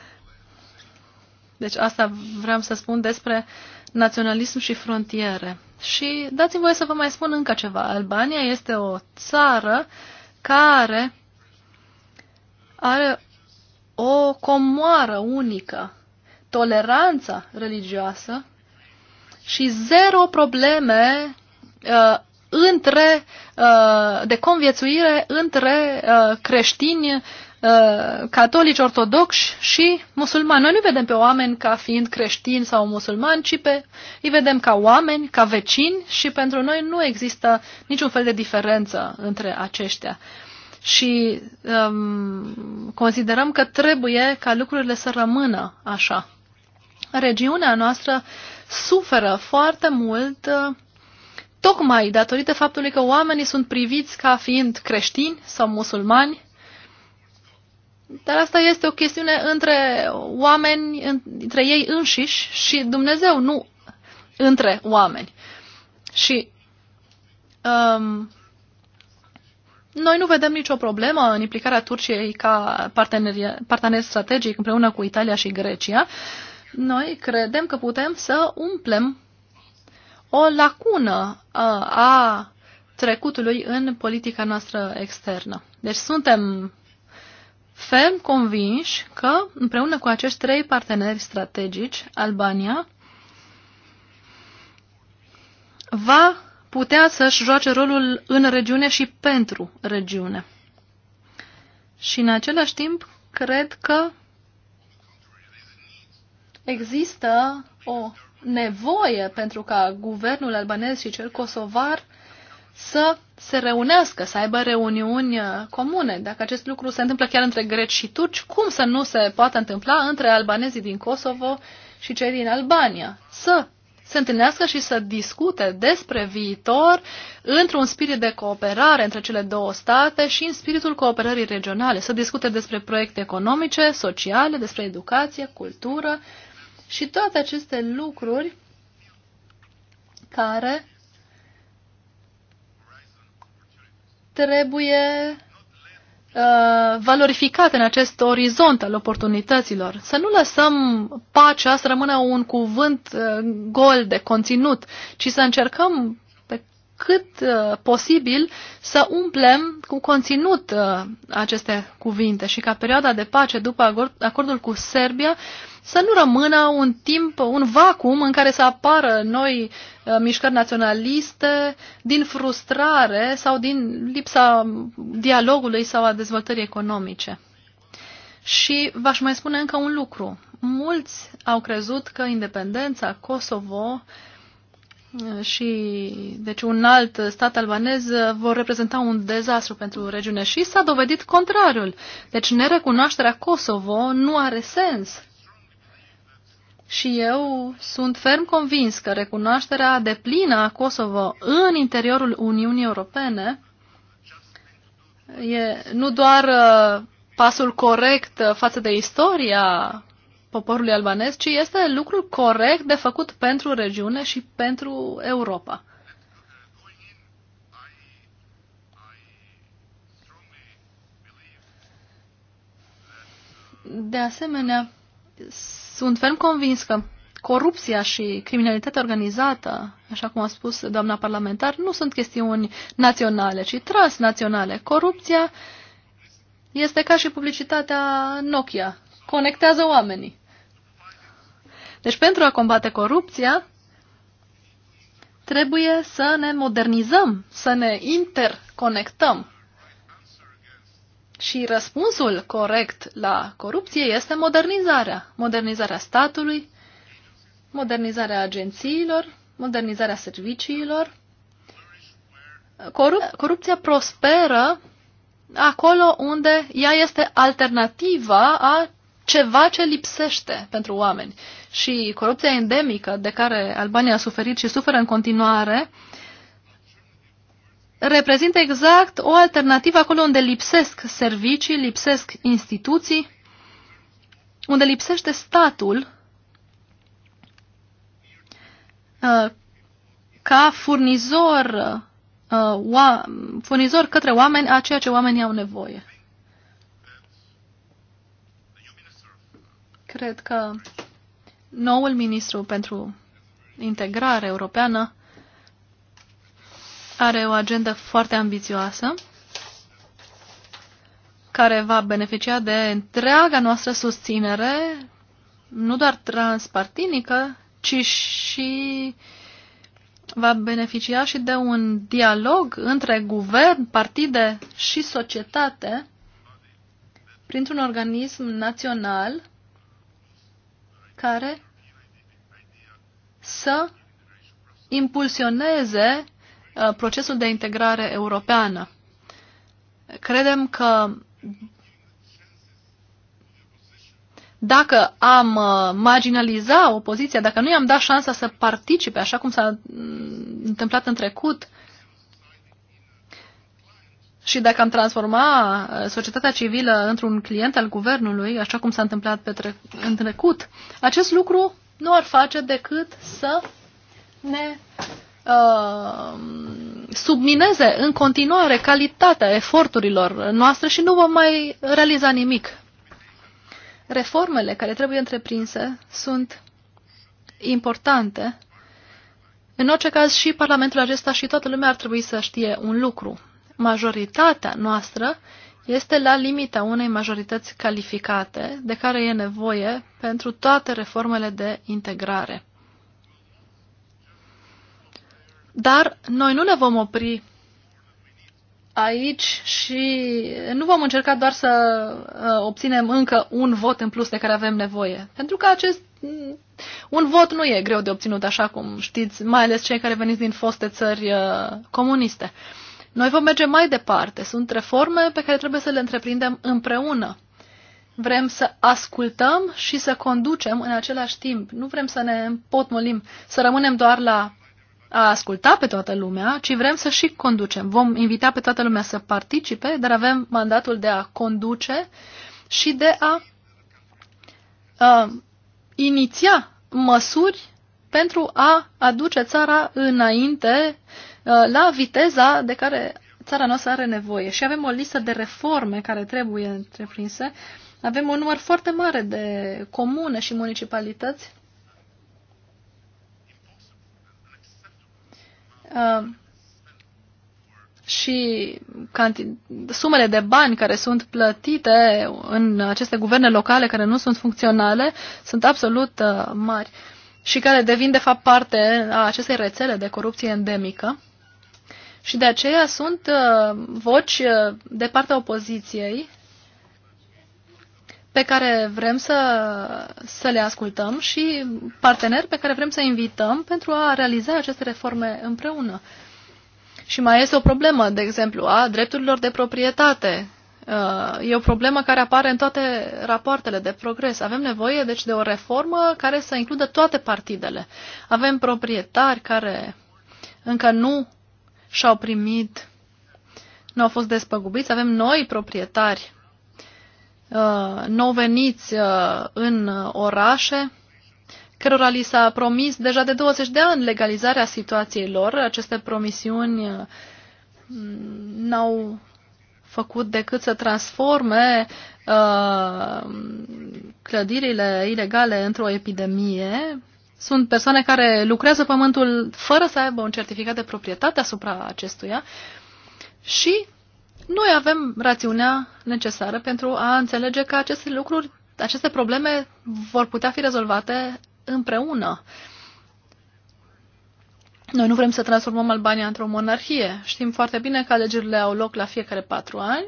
Deci asta vreau să spun despre naționalism și frontiere. Și dați-mi voie să vă mai spun încă ceva. Albania este o țară care are o comoară unică, toleranța religioasă și zero probleme uh, între, uh, de conviețuire între uh, creștini Uh, catolici ortodoxi și musulmani. Noi nu vedem pe oameni ca fiind creștini sau musulmani, ci pe, îi vedem ca oameni, ca vecini și pentru noi nu există niciun fel de diferență între aceștia. Și um, considerăm că trebuie ca lucrurile să rămână așa. Regiunea noastră suferă foarte mult uh, tocmai datorită faptului că oamenii sunt priviți ca fiind creștini sau musulmani dar asta este o chestiune între oameni, între ei înșiși și Dumnezeu, nu între oameni. Și um, noi nu vedem nicio problemă în implicarea Turciei ca partener, partener strategic împreună cu Italia și Grecia. Noi credem că putem să umplem o lacună a, a trecutului în politica noastră externă. Deci suntem ferm convinși că, împreună cu acești trei parteneri strategici, Albania va putea să-și joace rolul în regiune și pentru regiune. Și în același timp, cred că există o nevoie pentru ca guvernul albanez și cel kosovar să se reunească, să aibă reuniuni uh, comune. Dacă acest lucru se întâmplă chiar între greci și turci, cum să nu se poată întâmpla între albanezii din Kosovo și cei din Albania? Să se întâlnească și să discute despre viitor într-un spirit de cooperare între cele două state și în spiritul cooperării regionale, să discute despre proiecte economice, sociale, despre educație, cultură și toate aceste lucruri care trebuie uh, valorificat în acest orizont al oportunităților. Să nu lăsăm pacea să rămână un cuvânt uh, gol de conținut, ci să încercăm pe cât uh, posibil să umplem cu conținut uh, aceste cuvinte și ca perioada de pace după acord, acordul cu Serbia uh, să nu rămână un timp, un vacuum în care să apară noi uh, mișcări naționaliste din frustrare sau din lipsa dialogului sau a dezvoltării economice. Și v-aș mai spune încă un lucru. Mulți au crezut că independența Kosovo uh, și deci un alt stat albanez uh, vor reprezenta un dezastru pentru regiune și s-a dovedit contrariul. Deci nerecunoașterea Kosovo nu are sens și eu sunt ferm convins că recunoașterea deplină a Kosovo în interiorul Uniunii Europene e nu doar uh, pasul corect uh, față de istoria poporului albanez, ci este lucrul corect de făcut pentru regiune și pentru Europa. De asemenea, sunt ferm convins că corupția și criminalitatea organizată, așa cum a spus doamna parlamentar, nu sunt chestiuni naționale, ci transnaționale. Corupția este ca și publicitatea Nokia. Conectează oamenii. Deci pentru a combate corupția, trebuie să ne modernizăm, să ne interconectăm. Și răspunsul corect la corupție este modernizarea. Modernizarea statului, modernizarea agențiilor, modernizarea serviciilor. Corup- corupția prosperă acolo unde ea este alternativa a ceva ce lipsește pentru oameni. Și corupția endemică de care Albania a suferit și suferă în continuare reprezintă exact o alternativă acolo unde lipsesc servicii, lipsesc instituții, unde lipsește statul uh, ca furnizor, uh, furnizor către oameni a ceea ce oamenii au nevoie. Cred că noul ministru pentru integrare europeană are o agendă foarte ambițioasă care va beneficia de întreaga noastră susținere, nu doar transpartinică, ci și va beneficia și de un dialog între guvern, partide și societate printr-un organism național care să impulsioneze Uh, procesul de integrare europeană. Credem că dacă am uh, marginaliza opoziția, dacă nu i-am dat șansa să participe, așa cum s-a mm, întâmplat în trecut, și dacă am transforma uh, societatea civilă într-un client al guvernului, așa cum s-a întâmplat pe tre- în trecut, acest lucru nu ar face decât să ne Uh, submineze în continuare calitatea eforturilor noastre și nu vom mai realiza nimic. Reformele care trebuie întreprinse sunt importante. În orice caz, și Parlamentul acesta și toată lumea ar trebui să știe un lucru. Majoritatea noastră este la limita unei majorități calificate de care e nevoie pentru toate reformele de integrare. Dar noi nu ne vom opri aici și nu vom încerca doar să uh, obținem încă un vot în plus de care avem nevoie. Pentru că acest mm, un vot nu e greu de obținut, așa cum știți, mai ales cei care veniți din foste țări uh, comuniste. Noi vom merge mai departe. Sunt reforme pe care trebuie să le întreprindem împreună. Vrem să ascultăm și să conducem în același timp. Nu vrem să ne împotmolim, să rămânem doar la a asculta pe toată lumea, ci vrem să și conducem. Vom invita pe toată lumea să participe, dar avem mandatul de a conduce și de a uh, iniția măsuri pentru a aduce țara înainte la viteza de care țara noastră are nevoie. Și avem o listă de reforme care trebuie întreprinse. Avem un număr foarte mare de comune și municipalități Uh, și sumele de bani care sunt plătite în aceste guverne locale care nu sunt funcționale sunt absolut uh, mari și care devin de fapt parte a acestei rețele de corupție endemică. Și de aceea sunt uh, voci de partea opoziției pe care vrem să, să le ascultăm și parteneri pe care vrem să invităm pentru a realiza aceste reforme împreună. Și mai este o problemă, de exemplu, a drepturilor de proprietate. Uh, e o problemă care apare în toate rapoartele de progres. Avem nevoie, deci, de o reformă care să includă toate partidele. Avem proprietari care încă nu și-au primit, nu au fost despăgubiți. Avem noi proprietari Uh, nou veniți uh, în orașe, cărora li s-a promis deja de 20 de ani legalizarea situației lor. Aceste promisiuni uh, mm, n-au făcut decât să transforme uh, clădirile ilegale într-o epidemie. Sunt persoane care lucrează pământul fără să aibă un certificat de proprietate asupra acestuia și noi avem rațiunea necesară pentru a înțelege că aceste lucruri, aceste probleme vor putea fi rezolvate împreună. Noi nu vrem să transformăm Albania într-o monarhie. Știm foarte bine că alegerile au loc la fiecare patru ani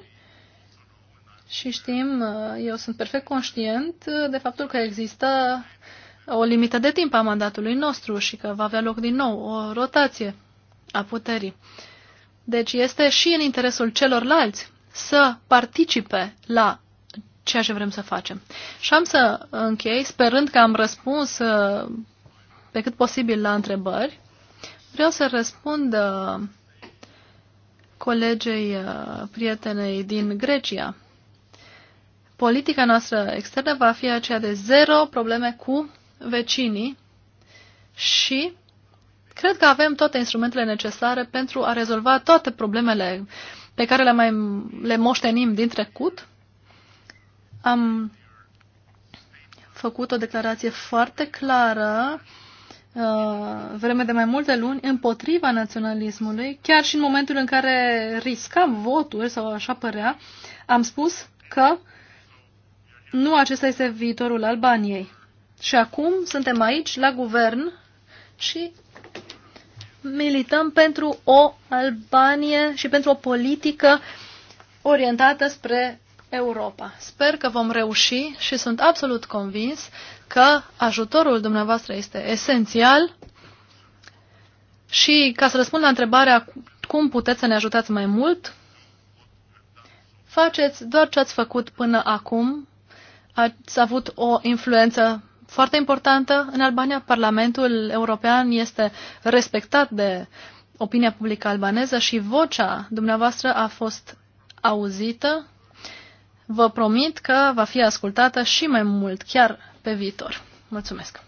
și știm, eu sunt perfect conștient de faptul că există o limită de timp a mandatului nostru și că va avea loc din nou o rotație a puterii. Deci este și în interesul celorlalți să participe la ceea ce vrem să facem. Și am să închei, sperând că am răspuns uh, pe cât posibil la întrebări. Vreau să răspund uh, colegei uh, prietenei din Grecia. Politica noastră externă va fi aceea de zero probleme cu vecinii și Cred că avem toate instrumentele necesare pentru a rezolva toate problemele pe care le, mai, le moștenim din trecut. Am făcut o declarație foarte clară uh, vreme de mai multe luni împotriva naționalismului, chiar și în momentul în care riscam voturi sau așa părea, am spus că nu acesta este viitorul Albaniei. Și acum suntem aici, la guvern, și milităm pentru o Albanie și pentru o politică orientată spre Europa. Sper că vom reuși și sunt absolut convins că ajutorul dumneavoastră este esențial și ca să răspund la întrebarea cum puteți să ne ajutați mai mult, faceți doar ce ați făcut până acum, ați avut o influență foarte importantă. În Albania, Parlamentul European este respectat de opinia publică albaneză și vocea dumneavoastră a fost auzită. Vă promit că va fi ascultată și mai mult, chiar pe viitor. Mulțumesc!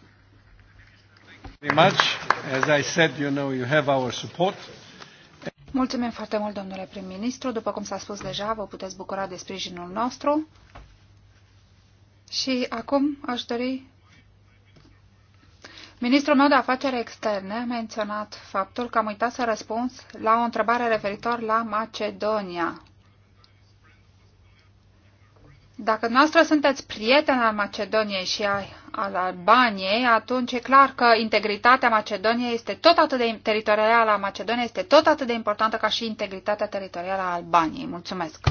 Mulțumim foarte mult, domnule prim-ministru. După cum s-a spus deja, vă puteți bucura de sprijinul nostru. Și acum aș dori Ministrul meu de afaceri externe a menționat faptul că am uitat să răspuns la o întrebare referitor la Macedonia. Dacă noastră sunteți prieteni al Macedoniei și al Albaniei, atunci e clar că integritatea Macedoniei este tot atât de teritorială a Macedoniei, este tot atât de importantă ca și integritatea teritorială a Albaniei. Mulțumesc!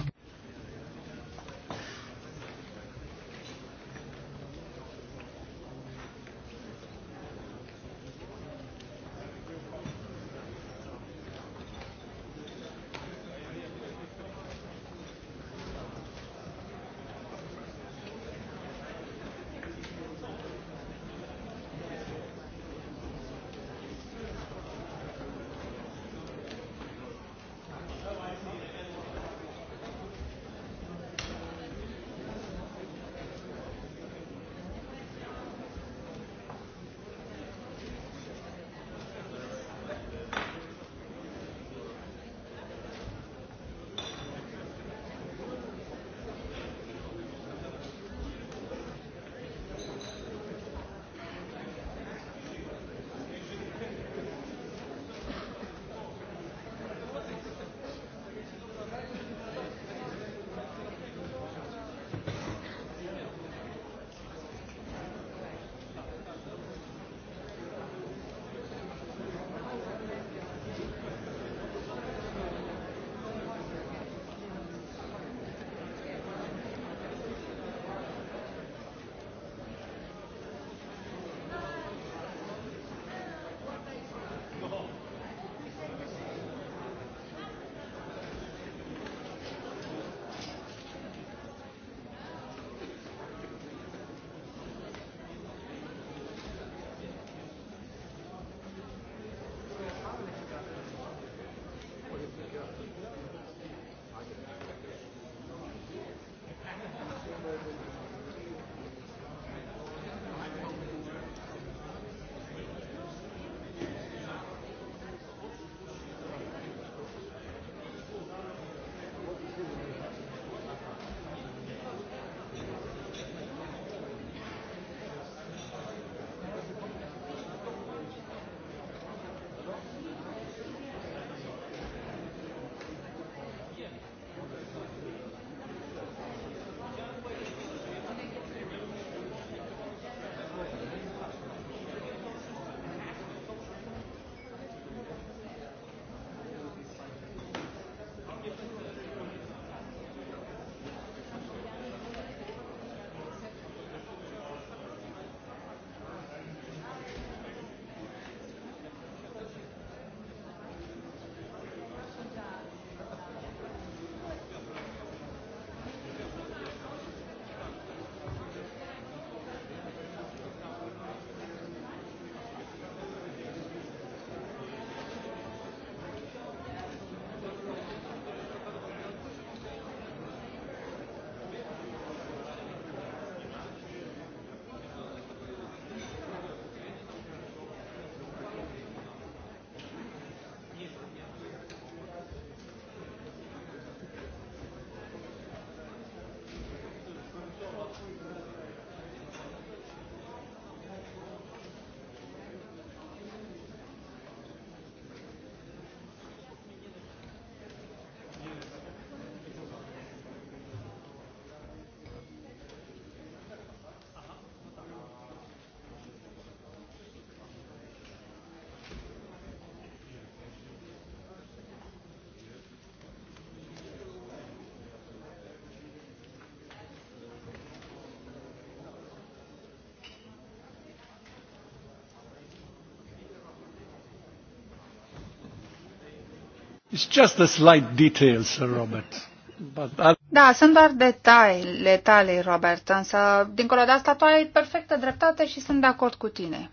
Da, sunt doar detalii, detalii, Robert, însă dincolo de asta tu ai perfectă dreptate și sunt de acord cu tine.